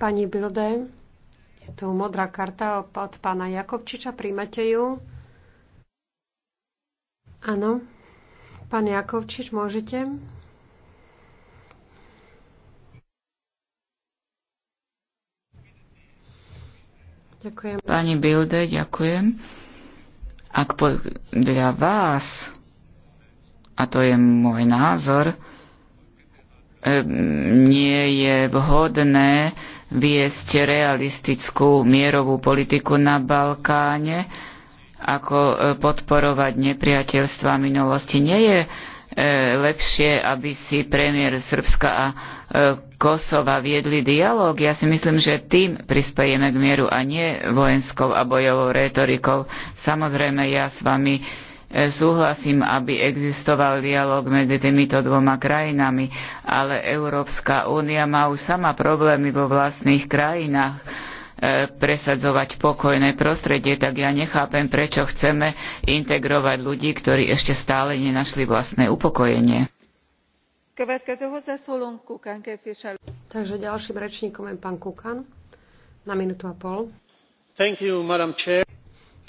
Pani Bilde, je tu modrá karta od pána Jakobčiča. Príjmate ju? Áno. Pán Jakovčič, môžete? Ďakujem. Pani Bilde, ďakujem. Ak podľa vás a to je môj názor, ehm, nie je vhodné viesť realistickú mierovú politiku na Balkáne, ako e, podporovať nepriateľstva minulosti. Nie je e, lepšie, aby si premiér Srbska a e, Kosova viedli dialog. Ja si myslím, že tým prispejeme k mieru a nie vojenskou a bojovou rétorikou. Samozrejme, ja s vami E, súhlasím, aby existoval dialog medzi týmito dvoma krajinami, ale Európska únia má už sama problémy vo vlastných krajinách e, presadzovať pokojné prostredie, tak ja nechápem, prečo chceme integrovať ľudí, ktorí ešte stále nenašli vlastné upokojenie. Takže ďalším rečníkom je pán Kukan na minútu a pol. You,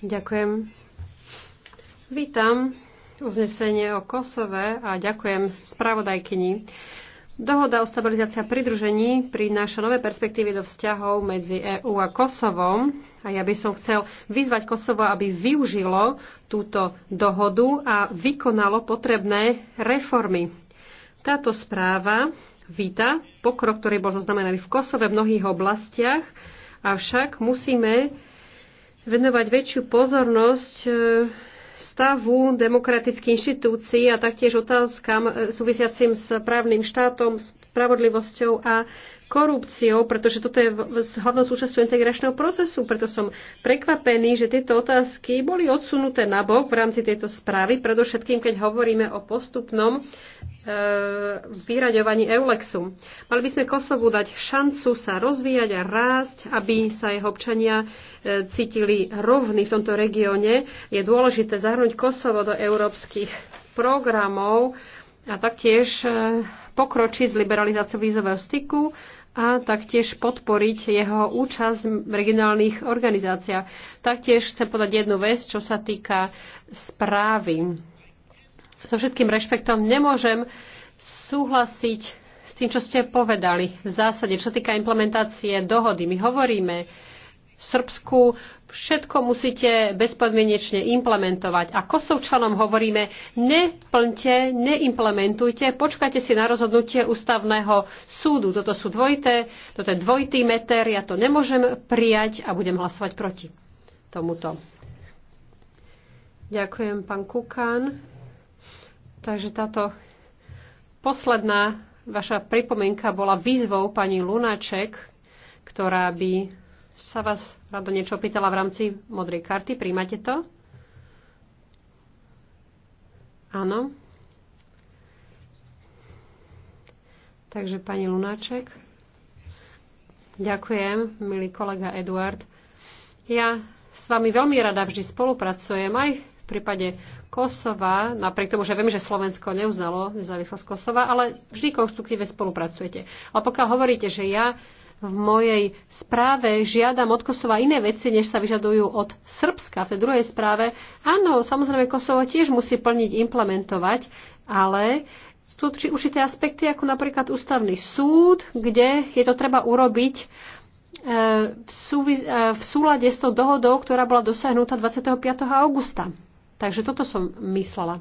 Ďakujem, Vítam uznesenie o Kosove a ďakujem spravodajkyni. Dohoda o stabilizácii a pridružení prináša nové perspektívy do vzťahov medzi EÚ a Kosovom. A ja by som chcel vyzvať Kosovo, aby využilo túto dohodu a vykonalo potrebné reformy. Táto správa víta pokrok, ktorý bol zaznamenaný v Kosove v mnohých oblastiach, avšak musíme venovať väčšiu pozornosť e, stavu demokratických inštitúcií a taktiež otázkam e, súvisiacim s právnym štátom, spravodlivosťou a korupciou, pretože toto je hlavnou súčasťou integračného procesu. Preto som prekvapený, že tieto otázky boli odsunuté na bok v rámci tejto správy, predovšetkým keď hovoríme o postupnom e, vyraďovaní Eulexu. Mali by sme Kosovu dať šancu sa rozvíjať a rásť, aby sa jeho občania e, cítili rovní v tomto regióne. Je dôležité zahrnúť Kosovo do európskych programov a taktiež e, pokročiť s liberalizáciou vízového styku a taktiež podporiť jeho účasť v regionálnych organizáciách. Taktiež chcem podať jednu vec, čo sa týka správy. So všetkým rešpektom nemôžem súhlasiť s tým, čo ste povedali. V zásade, čo týka implementácie dohody, my hovoríme, Srbsku. Všetko musíte bezpodmienečne implementovať. A Kosovčanom hovoríme, neplňte, neimplementujte, počkajte si na rozhodnutie ústavného súdu. Toto sú dvojité, toto je dvojitý meter, ja to nemôžem prijať a budem hlasovať proti tomuto. Ďakujem, pán Kukán. Takže táto posledná vaša pripomienka bola výzvou pani Lunaček, ktorá by sa vás rado niečo pýtala v rámci modrej karty. Príjmate to? Áno. Takže pani Lunáček. Ďakujem, milý kolega Eduard. Ja s vami veľmi rada vždy spolupracujem, aj v prípade Kosova, napriek tomu, že viem, že Slovensko neuznalo nezávislosť Kosova, ale vždy konštruktívne spolupracujete. Ale pokiaľ hovoríte, že ja v mojej správe žiadam od Kosova iné veci, než sa vyžadujú od Srbska. V tej druhej správe, áno, samozrejme Kosovo tiež musí plniť, implementovať, ale sú tu určité aspekty, ako napríklad ústavný súd, kde je to treba urobiť e, v, e, v súlade s tou dohodou, ktorá bola dosiahnutá 25. augusta. Takže toto som myslela.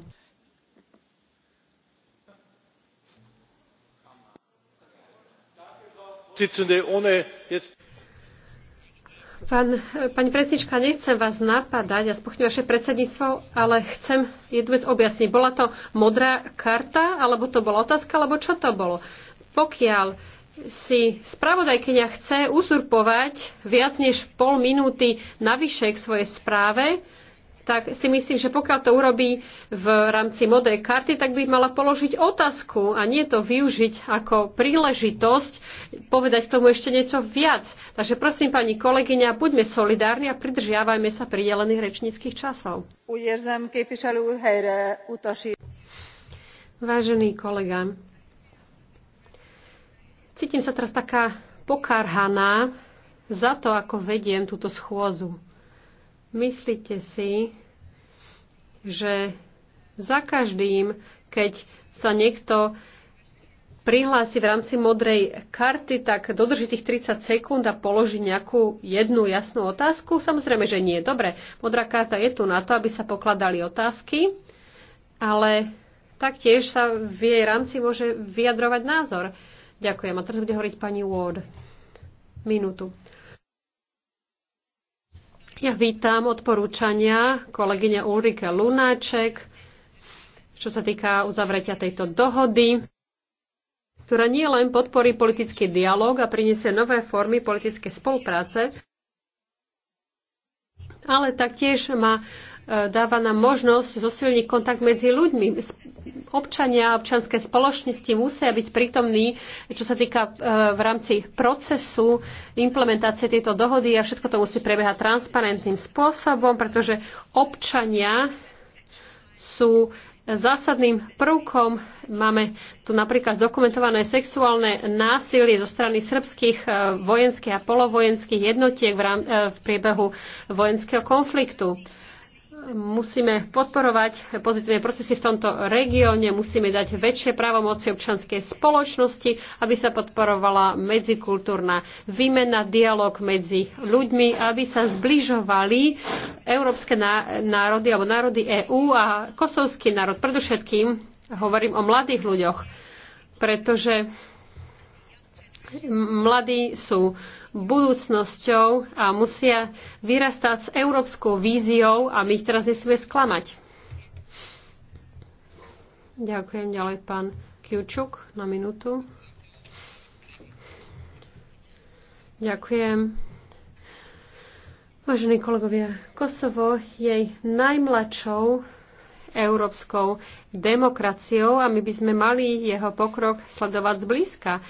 pani predsednička, nechcem vás napadať a spochybňovať vaše predsedníctvo, ale chcem jednu vec objasniť. Bola to modrá karta, alebo to bola otázka, alebo čo to bolo? Pokiaľ si spravodajkyňa chce uzurpovať viac než pol minúty navyše k svojej správe, tak si myslím, že pokiaľ to urobí v rámci modrej karty, tak by mala položiť otázku a nie to využiť ako príležitosť povedať tomu ešte niečo viac. Takže prosím, pani kolegyňa, buďme solidárni a pridržiavajme sa pridelených rečníckých časov. Vážený kolega, cítim sa teraz taká pokarhaná za to, ako vediem túto schôzu. Myslíte si, že za každým, keď sa niekto prihlási v rámci modrej karty, tak dodrží tých 30 sekúnd a položí nejakú jednu jasnú otázku? Samozrejme, že nie. Dobre, modrá karta je tu na to, aby sa pokladali otázky, ale taktiež sa v jej rámci môže vyjadrovať názor. Ďakujem. A teraz bude hovoriť pani Ward. Minútu. Ja vítam odporúčania kolegyne Ulrike Lunáček, čo sa týka uzavretia tejto dohody, ktorá nie len podporí politický dialog a priniesie nové formy politickej spolupráce, ale taktiež má dáva nám možnosť zosilniť kontakt medzi ľuďmi. Občania a občanské spoločnosti musia byť prítomní, čo sa týka e, v rámci procesu implementácie tejto dohody a všetko to musí prebiehať transparentným spôsobom, pretože občania sú zásadným prvkom. Máme tu napríklad dokumentované sexuálne násilie zo strany srbských e, vojenských a polovojenských jednotiek v, e, priebehu vojenského konfliktu musíme podporovať pozitívne procesy v tomto regióne, musíme dať väčšie právomoci občanskej spoločnosti, aby sa podporovala medzikultúrna výmena, dialog medzi ľuďmi, aby sa zbližovali európske národy alebo národy EÚ a kosovský národ. Predovšetkým hovorím o mladých ľuďoch, pretože Mladí sú budúcnosťou a musia vyrastať s európskou víziou a my ich teraz nesmieme sklamať. Ďakujem ďalej pán Kiučuk na minútu. Ďakujem. Vážení kolegovia, Kosovo je najmladšou európskou demokraciou a my by sme mali jeho pokrok sledovať zblízka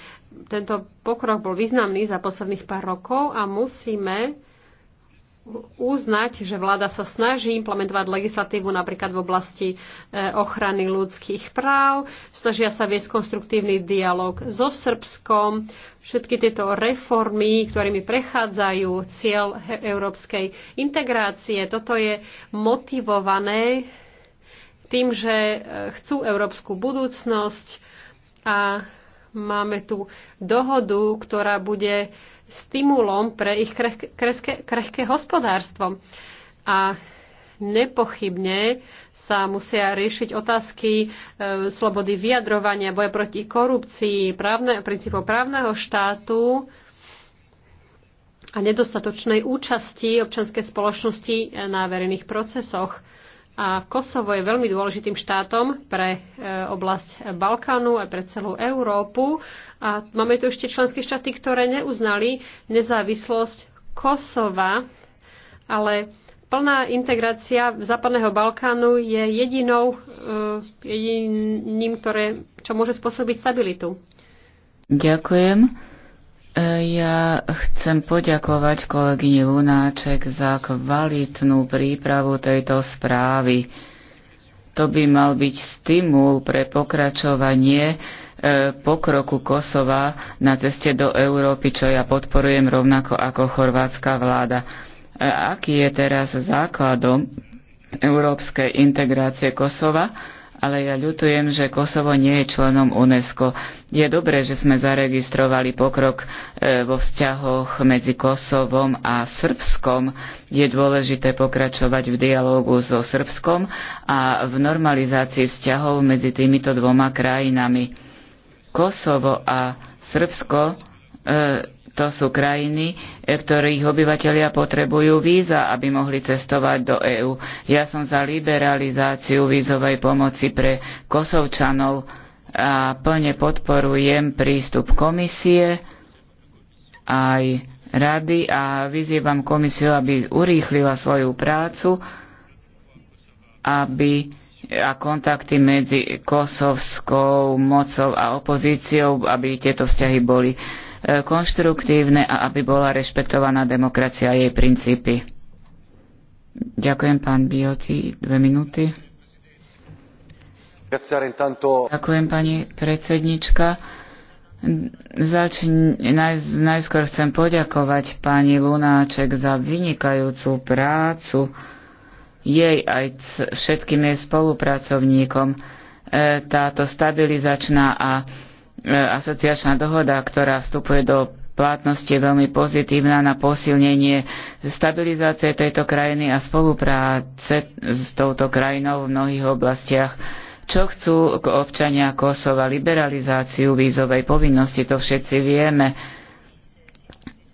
tento pokrok bol významný za posledných pár rokov a musíme uznať, že vláda sa snaží implementovať legislatívu napríklad v oblasti e, ochrany ľudských práv, snažia sa viesť konstruktívny dialog so Srbskom. Všetky tieto reformy, ktorými prechádzajú cieľ európskej integrácie, toto je motivované tým, že e, chcú európsku budúcnosť a Máme tu dohodu, ktorá bude stimulom pre ich krehké, krehké, hospodárstvo. A nepochybne sa musia riešiť otázky e, slobody vyjadrovania, boja proti korupcii, právne, princípov právneho štátu a nedostatočnej účasti občanskej spoločnosti e, na verejných procesoch. A Kosovo je veľmi dôležitým štátom pre e, oblasť Balkánu a pre celú Európu. A máme tu ešte členské štáty, ktoré neuznali nezávislosť Kosova, ale plná integrácia Západného Balkánu je jedinou, e, jediným, ktoré, čo môže spôsobiť stabilitu. Ďakujem. Ja chcem poďakovať kolegyni Lunáček za kvalitnú prípravu tejto správy. To by mal byť stimul pre pokračovanie e, pokroku Kosova na ceste do Európy, čo ja podporujem rovnako ako chorvátska vláda. E, aký je teraz základom európskej integrácie Kosova? ale ja ľutujem, že Kosovo nie je členom UNESCO. Je dobré, že sme zaregistrovali pokrok e, vo vzťahoch medzi Kosovom a Srbskom. Je dôležité pokračovať v dialógu so Srbskom a v normalizácii vzťahov medzi týmito dvoma krajinami. Kosovo a Srbsko e, to sú krajiny, e, ktorých obyvateľia potrebujú víza, aby mohli cestovať do EÚ. Ja som za liberalizáciu vízovej pomoci pre Kosovčanov a plne podporujem prístup komisie aj rady a vyzývam komisiu, aby urýchlila svoju prácu, aby a kontakty medzi kosovskou mocou a opozíciou, aby tieto vzťahy boli konštruktívne a aby bola rešpektovaná demokracia a jej princípy. Ďakujem, pán Bioti. Dve minúty. Ďakujem, pani predsednička. naj- najskôr chcem poďakovať pani Lunáček za vynikajúcu prácu jej aj všetkým jej spolupracovníkom. E, táto stabilizačná a E, asociačná dohoda, ktorá vstupuje do platnosti, je veľmi pozitívna na posilnenie stabilizácie tejto krajiny a spolupráce s touto krajinou v mnohých oblastiach. Čo chcú občania Kosova? Liberalizáciu vízovej povinnosti, to všetci vieme.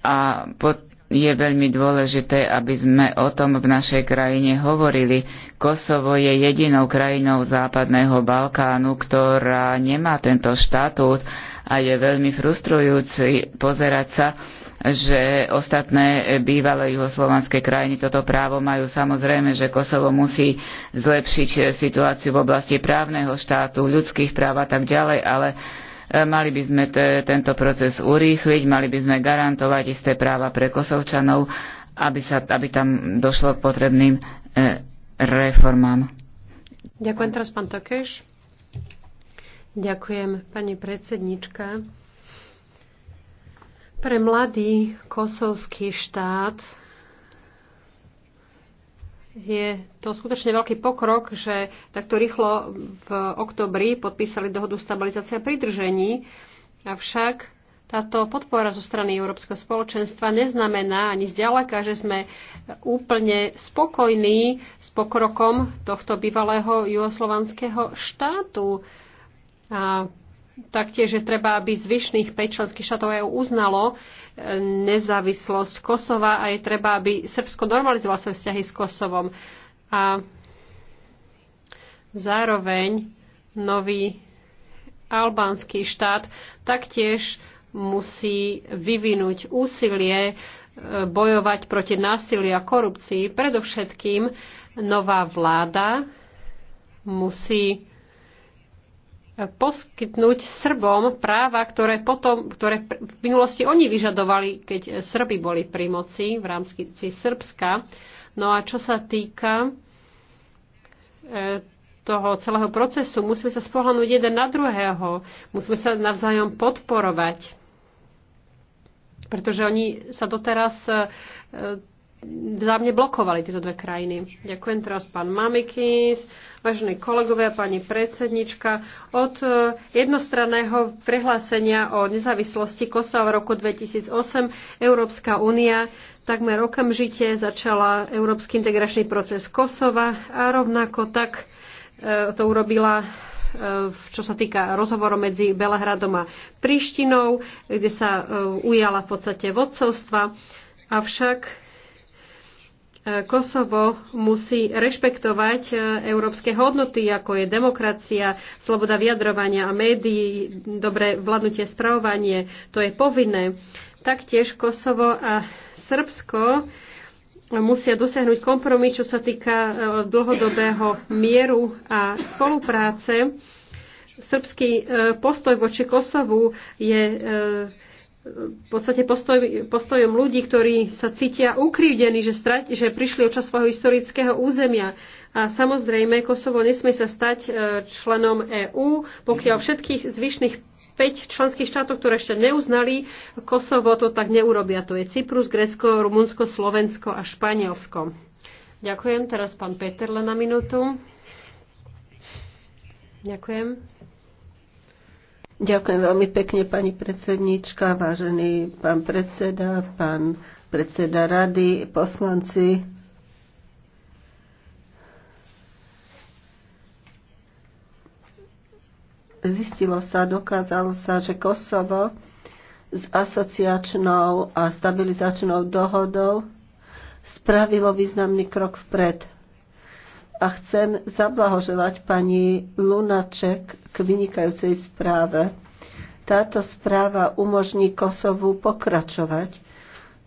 A pod je veľmi dôležité, aby sme o tom v našej krajine hovorili. Kosovo je jedinou krajinou Západného Balkánu, ktorá nemá tento štatút a je veľmi frustrujúci pozerať sa, že ostatné bývalé juhoslovanské krajiny toto právo majú. Samozrejme, že Kosovo musí zlepšiť situáciu v oblasti právneho štátu, ľudských práv a tak ďalej, ale Mali by sme te, tento proces urýchliť, mali by sme garantovať isté práva pre kosovčanov, aby, sa, aby tam došlo k potrebným e, reformám. Ďakujem teraz, pán Tokeš. Ďakujem, pani predsednička. Pre mladý kosovský štát je to skutočne veľký pokrok, že takto rýchlo v oktobri podpísali dohodu stabilizácia pridržení. Avšak táto podpora zo strany Európskeho spoločenstva neznamená ani zďaleka, že sme úplne spokojní s pokrokom tohto bývalého juhoslovanského štátu. A taktiež je treba, aby zvyšných 5 členských štátov EU uznalo e, nezávislosť Kosova a je treba, aby Srbsko normalizovalo svoje vzťahy s Kosovom. A zároveň nový albánsky štát taktiež musí vyvinúť úsilie e, bojovať proti násiliu a korupcii. Predovšetkým nová vláda musí poskytnúť Srbom práva, ktoré, potom, ktoré v minulosti oni vyžadovali, keď Srby boli pri moci v rámci Srbska. No a čo sa týka e, toho celého procesu, musíme sa spohľadnúť jeden na druhého, musíme sa navzájom podporovať, pretože oni sa doteraz e, vzájomne blokovali tieto dve krajiny. Ďakujem teraz pán Mamikins, vážení kolegovia, pani predsednička. Od e, jednostranného prehlásenia o nezávislosti Kosova v roku 2008 Európska únia takmer okamžite začala európsky integračný proces Kosova a rovnako tak e, to urobila e, čo sa týka rozhovoru medzi Belehradom a Prištinou, kde sa ujala v podstate vodcovstva. Avšak Kosovo musí rešpektovať e, európske hodnoty, ako je demokracia, sloboda vyjadrovania a médií, dobré vládnutie, spravovanie. To je povinné. Taktiež Kosovo a Srbsko musia dosiahnuť kompromis, čo sa týka e, dlhodobého mieru a spolupráce. Srbský e, postoj voči Kosovu je v podstate postoj, postojom ľudí, ktorí sa cítia ukrivdení, že, že prišli od čas svojho historického územia. A samozrejme, Kosovo nesmie sa stať e, členom EÚ, pokiaľ všetkých zvyšných 5 členských štátov, ktoré ešte neuznali Kosovo, to tak neurobia. To je Cyprus, Grécko, Rumunsko, Slovensko a Španielsko. Ďakujem. Teraz pán Peter len na minútu. Ďakujem. Ďakujem veľmi pekne, pani predsednička, vážený pán predseda, pán predseda rady, poslanci. Zistilo sa, dokázalo sa, že Kosovo s asociačnou a stabilizačnou dohodou spravilo významný krok vpred a chcem zablahoželať pani Lunaček k vynikajúcej správe. Táto správa umožní Kosovu pokračovať,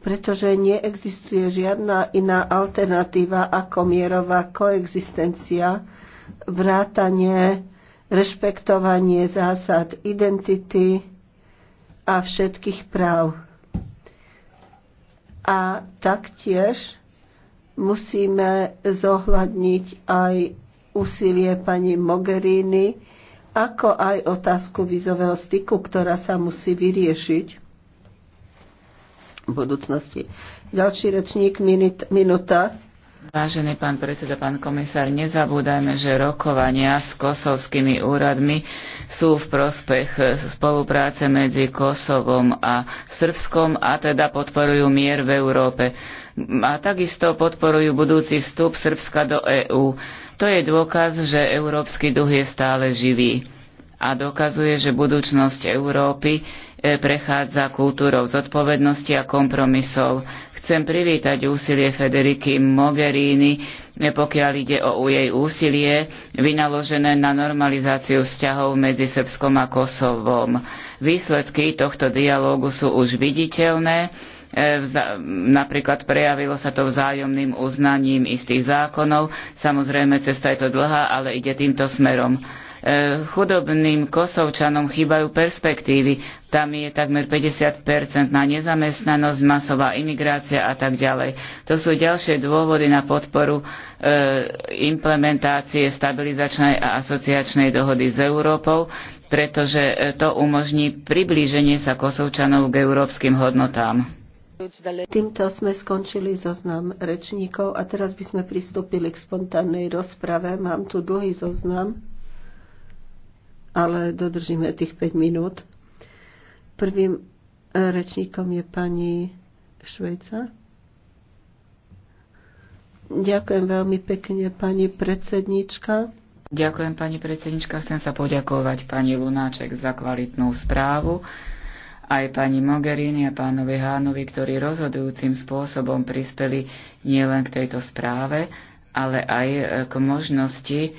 pretože neexistuje žiadna iná alternatíva ako mierová koexistencia, vrátanie, rešpektovanie zásad identity a všetkých práv. A taktiež musíme zohľadniť aj úsilie pani Mogherini, ako aj otázku vizového styku, ktorá sa musí vyriešiť v budúcnosti. Ďalší rečník, minut, minúta. Vážený pán predseda, pán komisár, nezabúdajme, že rokovania s kosovskými úradmi sú v prospech spolupráce medzi Kosovom a Srbskom a teda podporujú mier v Európe a takisto podporujú budúci vstup Srbska do EÚ. To je dôkaz, že európsky duch je stále živý a dokazuje, že budúcnosť Európy e, prechádza kultúrou zodpovednosti a kompromisov. Chcem privítať úsilie Federiky Mogherini, e, pokiaľ ide o jej úsilie vynaložené na normalizáciu vzťahov medzi Srbskom a Kosovom. Výsledky tohto dialógu sú už viditeľné E, napríklad prejavilo sa to vzájomným uznaním istých zákonov. Samozrejme, cesta je to dlhá, ale ide týmto smerom e, chudobným kosovčanom chýbajú perspektívy. Tam je takmer 50% na nezamestnanosť, masová imigrácia a tak ďalej. To sú ďalšie dôvody na podporu e, implementácie stabilizačnej a asociačnej dohody s Európou, pretože to umožní priblíženie sa kosovčanov k európskym hodnotám. Týmto sme skončili zoznam rečníkov a teraz by sme pristúpili k spontánnej rozprave. Mám tu dlhý zoznam, ale dodržíme tých 5 minút. Prvým rečníkom je pani Švejca. Ďakujem veľmi pekne, pani predsednička. Ďakujem, pani predsednička. Chcem sa poďakovať pani Lunáček za kvalitnú správu aj pani Mogherini a pánovi Hánovi, ktorí rozhodujúcim spôsobom prispeli nielen k tejto správe, ale aj e, k možnosti e,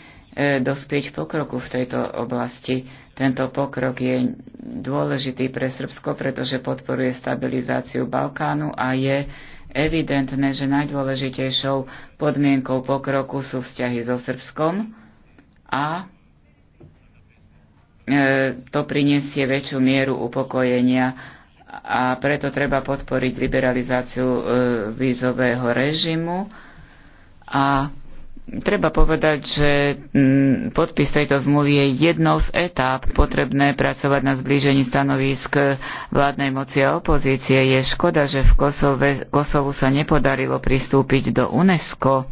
dospieť pokroku v tejto oblasti. Tento pokrok je dôležitý pre Srbsko, pretože podporuje stabilizáciu Balkánu a je evidentné, že najdôležitejšou podmienkou pokroku sú vzťahy so Srbskom a E, to priniesie väčšiu mieru upokojenia a preto treba podporiť liberalizáciu e, vízového režimu a treba povedať, že podpis tejto zmluvy je jednou z etáp potrebné pracovať na zblížení stanovisk vládnej moci a opozície. Je škoda, že v Kosove, Kosovu sa nepodarilo pristúpiť do UNESCO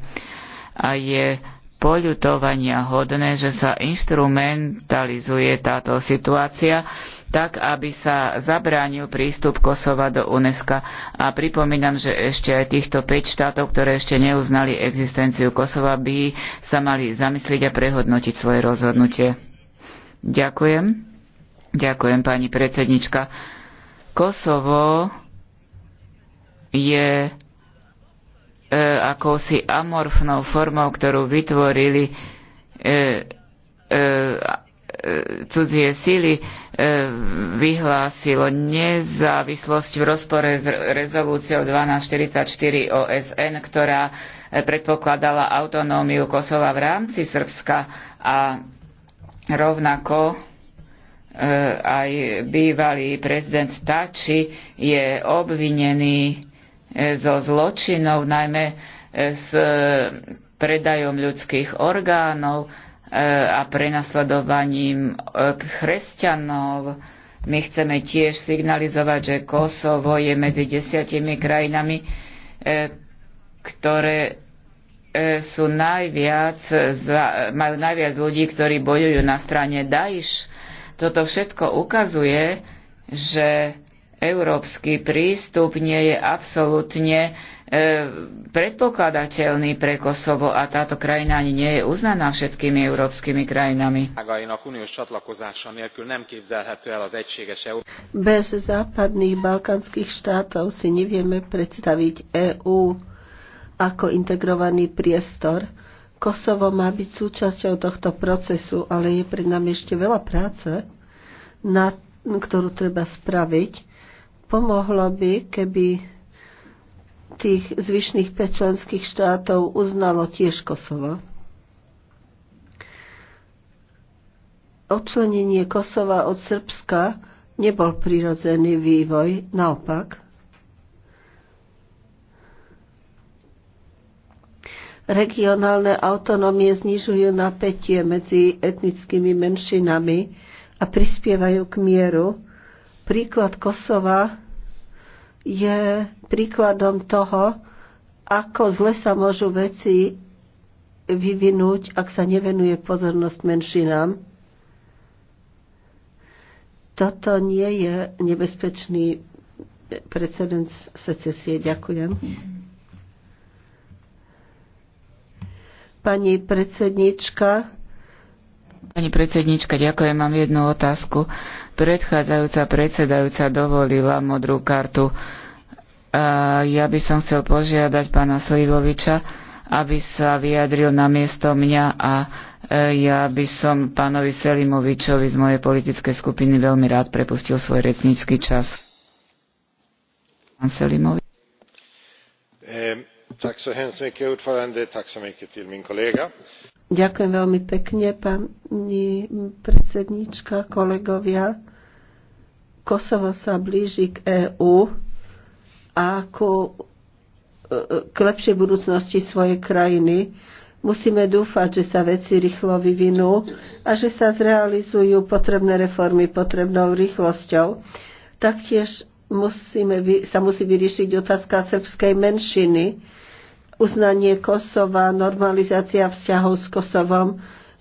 a je poľutovania hodné, že sa instrumentalizuje táto situácia tak, aby sa zabránil prístup Kosova do UNESCO. A pripomínam, že ešte aj týchto 5 štátov, ktoré ešte neuznali existenciu Kosova, by sa mali zamyslieť a prehodnotiť svoje rozhodnutie. Ďakujem. Ďakujem, pani predsednička. Kosovo je E, akousi amorfnou formou, ktorú vytvorili e, e, cudzie sily vyhlásilo nezávislosť v rozpore s rezolúciou 1244 OSN, ktorá predpokladala autonómiu Kosova v rámci Srbska a rovnako aj bývalý prezident Tači je obvinený so e, zločinov, najmä e, s e, predajom ľudských orgánov a prenasledovaním kresťanov. My chceme tiež signalizovať, že Kosovo je medzi desiatimi krajinami, ktoré sú najviac, majú najviac ľudí, ktorí bojujú na strane Daesh. Toto všetko ukazuje, že Európsky prístup nie je absolútne e, predpokladateľný pre Kosovo a táto krajina ani nie je uznaná všetkými európskymi krajinami. Bez západných balkánskych štátov si nevieme predstaviť EÚ ako integrovaný priestor. Kosovo má byť súčasťou tohto procesu, ale je pred nami ešte veľa práce, na, ktorú treba spraviť Pomohlo by, keby tých zvyšných pečlenských štátov uznalo tiež Kosovo. Odčlenenie Kosova od Srbska nebol prirodzený vývoj, naopak. Regionálne autonómie znižujú napätie medzi etnickými menšinami a prispievajú k mieru. Príklad Kosova je príkladom toho, ako zle sa môžu veci vyvinúť, ak sa nevenuje pozornosť menšinám. Toto nie je nebezpečný precedens secesie. Ďakujem. Pani predsednička. Pani predsednička, ďakujem. Mám jednu otázku predchádzajúca predsedajúca dovolila modrú kartu. A ja by som chcel požiadať pána Slivoviča, aby sa vyjadril na miesto mňa a e, ja by som pánovi Selimovičovi z mojej politickej skupiny veľmi rád prepustil svoj rečnícky čas. Pán Selimovič. Ďakujem veľmi pekne, pani predsednička, kolegovia. Kosovo sa blíži k EÚ a ku, e, e, k lepšej budúcnosti svojej krajiny. Musíme dúfať, že sa veci rýchlo vyvinú a že sa zrealizujú potrebné reformy potrebnou rýchlosťou. Taktiež musíme, sa musí vyriešiť otázka srbskej menšiny uznanie Kosova, normalizácia vzťahov s Kosovom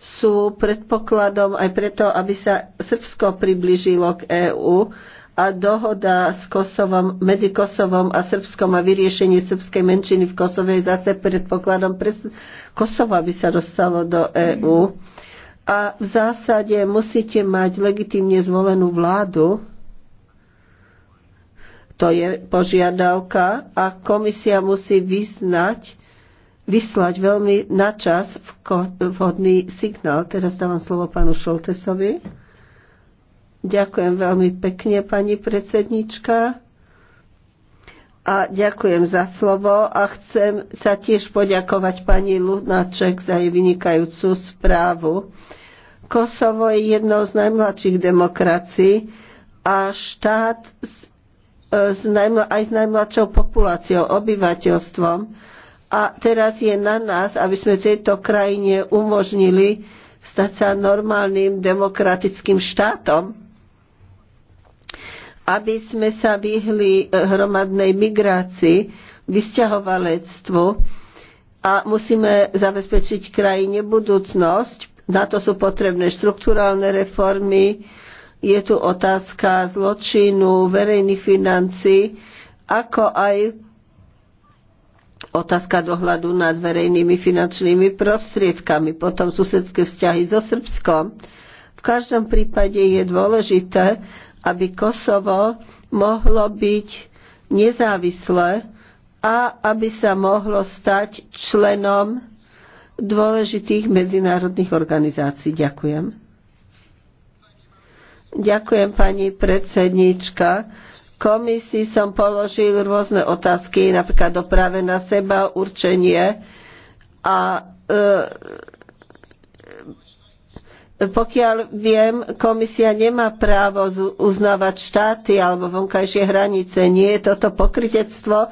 sú predpokladom aj preto, aby sa Srbsko priblížilo k EÚ a dohoda s Kosovom, medzi Kosovom a Srbskom a vyriešenie srbskej menšiny v Kosove je zase predpokladom pre Kosova, aby sa dostalo do EÚ. A v zásade musíte mať legitimne zvolenú vládu, to je požiadavka a komisia musí vyznať, vyslať veľmi načas vhodný signál. Teraz dávam slovo pánu Šoltesovi. Ďakujem veľmi pekne, pani predsednička. A ďakujem za slovo a chcem sa tiež poďakovať pani Lunaček za jej vynikajúcu správu. Kosovo je jednou z najmladších demokracií a štát s s aj s najmladšou populáciou, obyvateľstvom. A teraz je na nás, aby sme tejto krajine umožnili stať sa normálnym demokratickým štátom, aby sme sa vyhli e, hromadnej migrácii, vysťahovalectvu a musíme zabezpečiť krajine budúcnosť. Na to sú potrebné štrukturálne reformy, je tu otázka zločinu, verejných financí, ako aj otázka dohľadu nad verejnými finančnými prostriedkami, potom susedské vzťahy so Srbskom. V každom prípade je dôležité, aby Kosovo mohlo byť nezávislé a aby sa mohlo stať členom dôležitých medzinárodných organizácií. Ďakujem. Ďakujem, pani predsednička. Komisii som položil rôzne otázky, napríklad doprave na seba, určenie a e, pokiaľ viem, komisia nemá právo uznávať štáty alebo vonkajšie hranice. Nie je toto pokritectvo,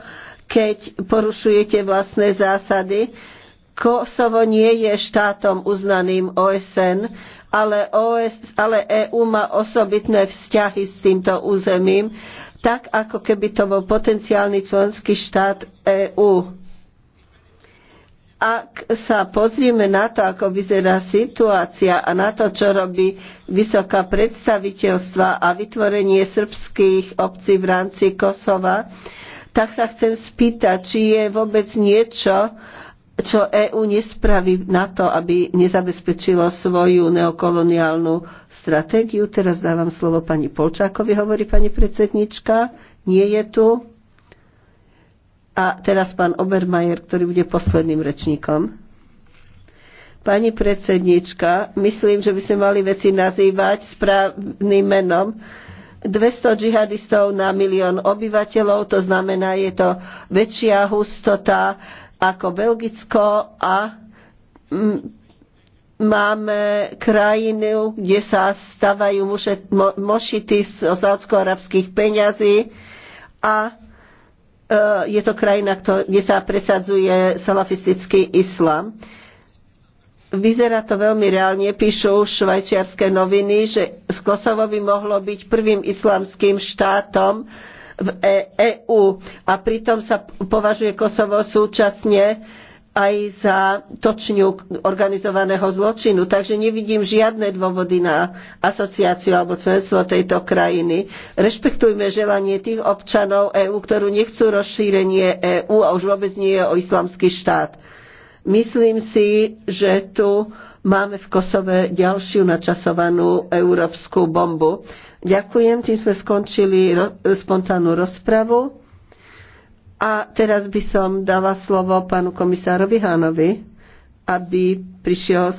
keď porušujete vlastné zásady. Kosovo nie je štátom uznaným OSN ale, OS, ale EÚ má osobitné vzťahy s týmto územím, tak ako keby to bol potenciálny členský štát EÚ. Ak sa pozrieme na to, ako vyzerá situácia a na to, čo robí vysoká predstaviteľstva a vytvorenie srbských obcí v rámci Kosova, tak sa chcem spýtať, či je vôbec niečo, čo EÚ nespraví na to, aby nezabezpečilo svoju neokoloniálnu stratégiu. Teraz dávam slovo pani Polčákovi, hovorí pani predsednička. Nie je tu. A teraz pán Obermajer, ktorý bude posledným rečníkom. Pani predsednička, myslím, že by sme mali veci nazývať správnym menom. 200 džihadistov na milión obyvateľov, to znamená, je to väčšia hustota ako Belgicko a mm, máme krajinu, kde sa stavajú mošity z osádsko arabských peňazí a e, je to krajina, kde sa presadzuje salafistický islam. Vyzerá to veľmi reálne, píšu švajčiarske noviny, že Kosovo by mohlo byť prvým islamským štátom, v EÚ. E a pritom sa považuje Kosovo súčasne aj za točňu organizovaného zločinu. Takže nevidím žiadne dôvody na asociáciu alebo členstvo tejto krajiny. Rešpektujme želanie tých občanov EÚ, ktorú nechcú rozšírenie EÚ a už vôbec nie je o islamský štát. Myslím si, že tu máme v Kosove ďalšiu načasovanú európsku bombu. Ďakujem, tým sme skončili ro- spontánnu rozpravu. A teraz by som dala slovo pánu komisárovi Hánovi, aby prišiel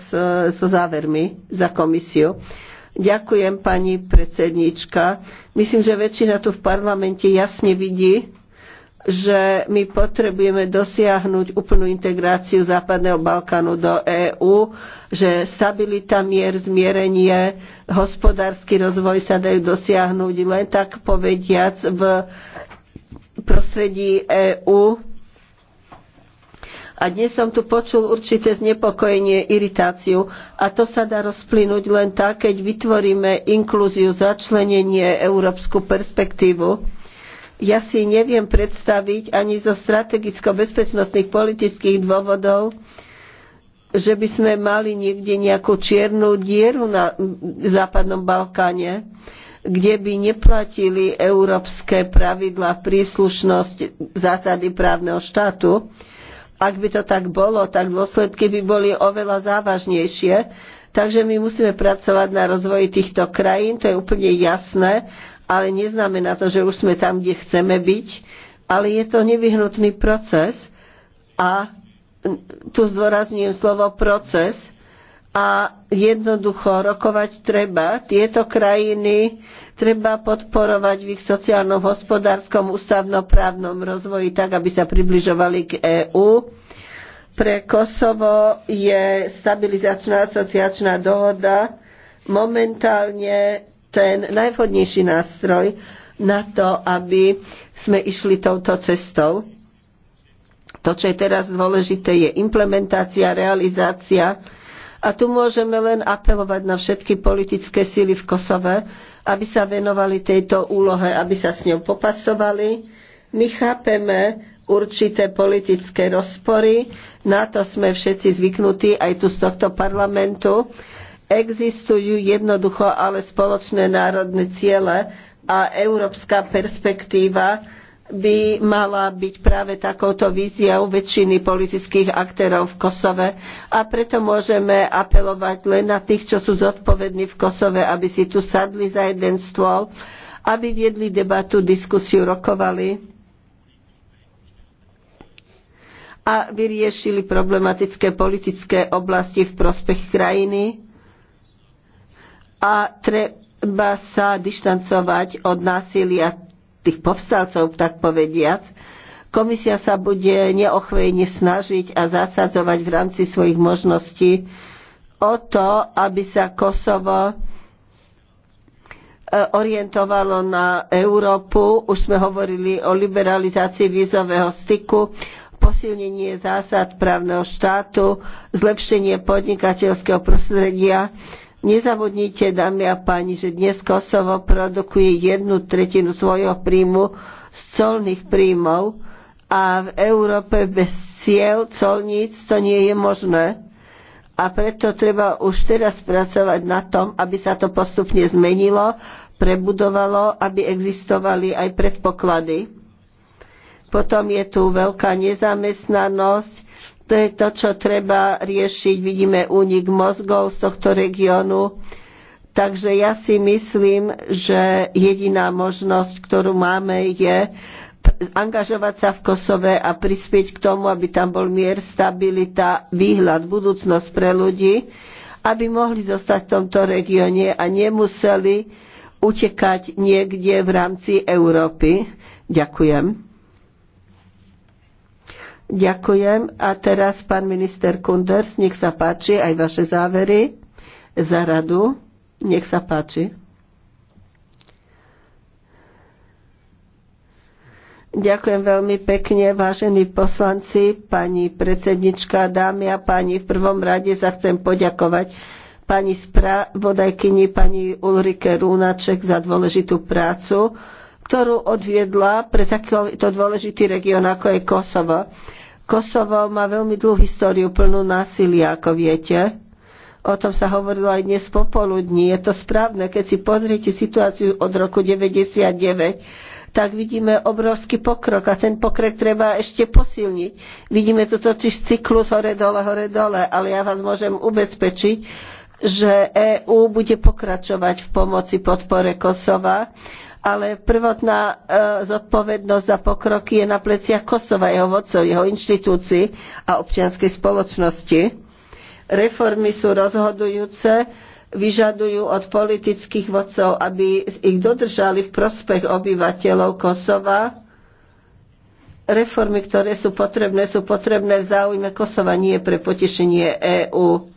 so závermi za komisiu. Ďakujem, pani predsednička. Myslím, že väčšina tu v parlamente jasne vidí, že my potrebujeme dosiahnuť úplnú integráciu Západného Balkánu do EÚ, že stabilita, mier, zmierenie, hospodársky rozvoj sa dajú dosiahnuť len tak povediac v prostredí EÚ. A dnes som tu počul určité znepokojenie, iritáciu. A to sa dá rozplynúť len tak, keď vytvoríme inklúziu, začlenenie, európsku perspektívu ja si neviem predstaviť ani zo strategicko-bezpečnostných politických dôvodov, že by sme mali niekde nejakú čiernu dieru na západnom Balkáne, kde by neplatili európske pravidla príslušnosť zásady právneho štátu. Ak by to tak bolo, tak dôsledky by boli oveľa závažnejšie, Takže my musíme pracovať na rozvoji týchto krajín, to je úplne jasné, ale neznamená to, že už sme tam, kde chceme byť, ale je to nevyhnutný proces a tu zdôrazňujem slovo proces a jednoducho rokovať treba. Tieto krajiny treba podporovať v ich sociálnom, hospodárskom, ústavnoprávnom rozvoji tak, aby sa približovali k EÚ. Pre Kosovo je stabilizačná asociačná dohoda momentálne ten najvhodnejší nástroj na to, aby sme išli touto cestou. To, čo je teraz dôležité, je implementácia, realizácia. A tu môžeme len apelovať na všetky politické síly v Kosove, aby sa venovali tejto úlohe, aby sa s ňou popasovali. My chápeme určité politické rozpory, na to sme všetci zvyknutí aj tu z tohto parlamentu Existujú jednoducho ale spoločné národné ciele a európska perspektíva by mala byť práve takouto víziou väčšiny politických aktérov v Kosove a preto môžeme apelovať len na tých, čo sú zodpovední v Kosove, aby si tu sadli za jeden stôl, aby viedli debatu, diskusiu, rokovali a vyriešili problematické politické oblasti v prospech krajiny a treba sa dištancovať od násilia tých povstalcov, tak povediac. Komisia sa bude neochvejne snažiť a zasadzovať v rámci svojich možností o to, aby sa Kosovo e, orientovalo na Európu. Už sme hovorili o liberalizácii vízového styku, posilnenie zásad právneho štátu, zlepšenie podnikateľského prostredia Nezabudnite, dámy a páni, že dnes Kosovo produkuje jednu tretinu svojho príjmu z colných príjmov a v Európe bez cieľ colníc to nie je možné. A preto treba už teraz pracovať na tom, aby sa to postupne zmenilo, prebudovalo, aby existovali aj predpoklady. Potom je tu veľká nezamestnanosť, to je to, čo treba riešiť. Vidíme únik mozgov z tohto regiónu. Takže ja si myslím, že jediná možnosť, ktorú máme, je angažovať sa v Kosove a prispieť k tomu, aby tam bol mier, stabilita, výhľad, budúcnosť pre ľudí, aby mohli zostať v tomto regióne a nemuseli utekať niekde v rámci Európy. Ďakujem. Ďakujem. A teraz pán minister Kunders, nech sa páči aj vaše závery za radu. Nech sa páči. Ďakujem veľmi pekne, vážení poslanci, pani predsednička, dámy a páni. V prvom rade sa chcem poďakovať pani spravodajkyni, pani Ulrike Rúnaček za dôležitú prácu, ktorú odviedla pre takýto dôležitý región, ako je Kosovo. Kosovo má veľmi dlhú históriu plnú násilia, ako viete. O tom sa hovorilo aj dnes popoludní. Je to správne, keď si pozriete situáciu od roku 99, tak vidíme obrovský pokrok a ten pokrok treba ešte posilniť. Vidíme tu totiž cyklus hore-dole, hore-dole, ale ja vás môžem ubezpečiť, že EÚ bude pokračovať v pomoci podpore Kosova ale prvotná e, zodpovednosť za pokroky je na pleciach Kosova, jeho vodcov, jeho inštitúcií a občianskej spoločnosti. Reformy sú rozhodujúce, vyžadujú od politických vodcov, aby ich dodržali v prospech obyvateľov Kosova. Reformy, ktoré sú potrebné, sú potrebné v záujme Kosova, nie pre potešenie EÚ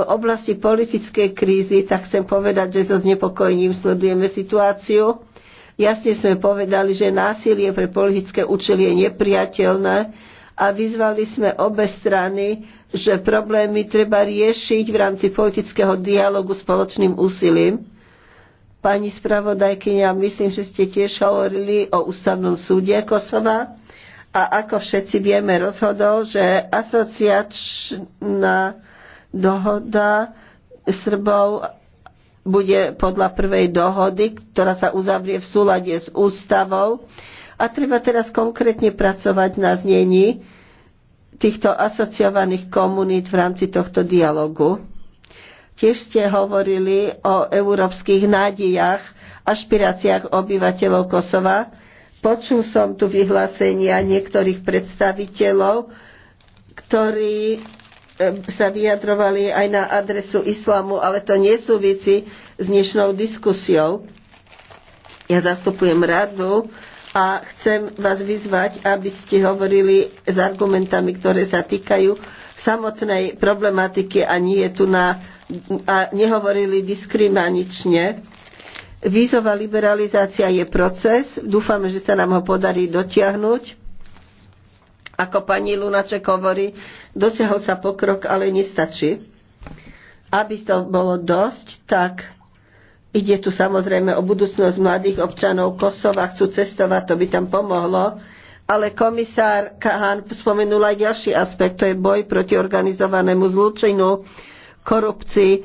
oblasti politickej krízy, tak chcem povedať, že so znepokojením sledujeme situáciu. Jasne sme povedali, že násilie pre politické účely je nepriateľné a vyzvali sme obe strany, že problémy treba riešiť v rámci politického dialogu spoločným úsilím. Pani spravodajkyňa, myslím, že ste tiež hovorili o ústavnom súde Kosova a ako všetci vieme, rozhodol, že asociačná Dohoda Srbov bude podľa prvej dohody, ktorá sa uzavrie v súlade s ústavou. A treba teraz konkrétne pracovať na znení týchto asociovaných komunít v rámci tohto dialogu. Tiež ste hovorili o európskych nádejach, ašpiráciách obyvateľov Kosova. Počul som tu vyhlásenia niektorých predstaviteľov, ktorí Ehm, sa vyjadrovali aj na adresu islamu, ale to nesúvisí s dnešnou diskusiou. Ja zastupujem radu a chcem vás vyzvať, aby ste hovorili s argumentami, ktoré sa týkajú samotnej problematiky a nie tu na a nehovorili diskriminačne. Vízová liberalizácia je proces, dúfame, že sa nám ho podarí dotiahnuť ako pani Lunaček hovorí, dosiahol sa pokrok, ale nestačí. Aby to bolo dosť, tak ide tu samozrejme o budúcnosť mladých občanov Kosova, chcú cestovať, to by tam pomohlo. Ale komisár Kahan spomenul aj ďalší aspekt, to je boj proti organizovanému zločinu, korupcii,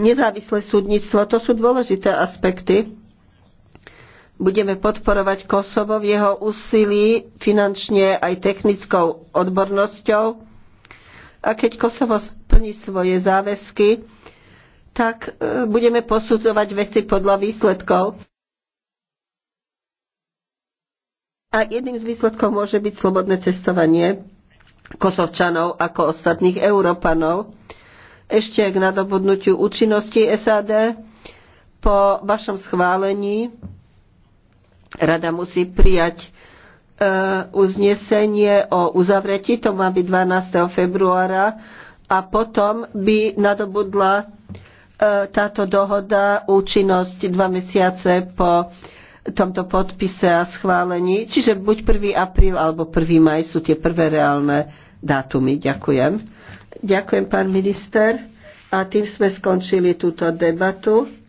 nezávislé súdnictvo, to sú dôležité aspekty. Budeme podporovať Kosovo v jeho úsilí finančne aj technickou odbornosťou. A keď Kosovo splní svoje záväzky, tak e, budeme posudzovať veci podľa výsledkov. A jedným z výsledkov môže byť slobodné cestovanie Kosovčanov ako ostatných Európanov. Ešte k nadobudnutiu účinnosti SAD po vašom schválení Rada musí prijať e, uznesenie o uzavretí, to má byť 12. februára, a potom by nadobudla e, táto dohoda účinnosť dva mesiace po tomto podpise a schválení. Čiže buď 1. apríl alebo 1. maj sú tie prvé reálne dátumy. Ďakujem. Ďakujem, pán minister. A tým sme skončili túto debatu.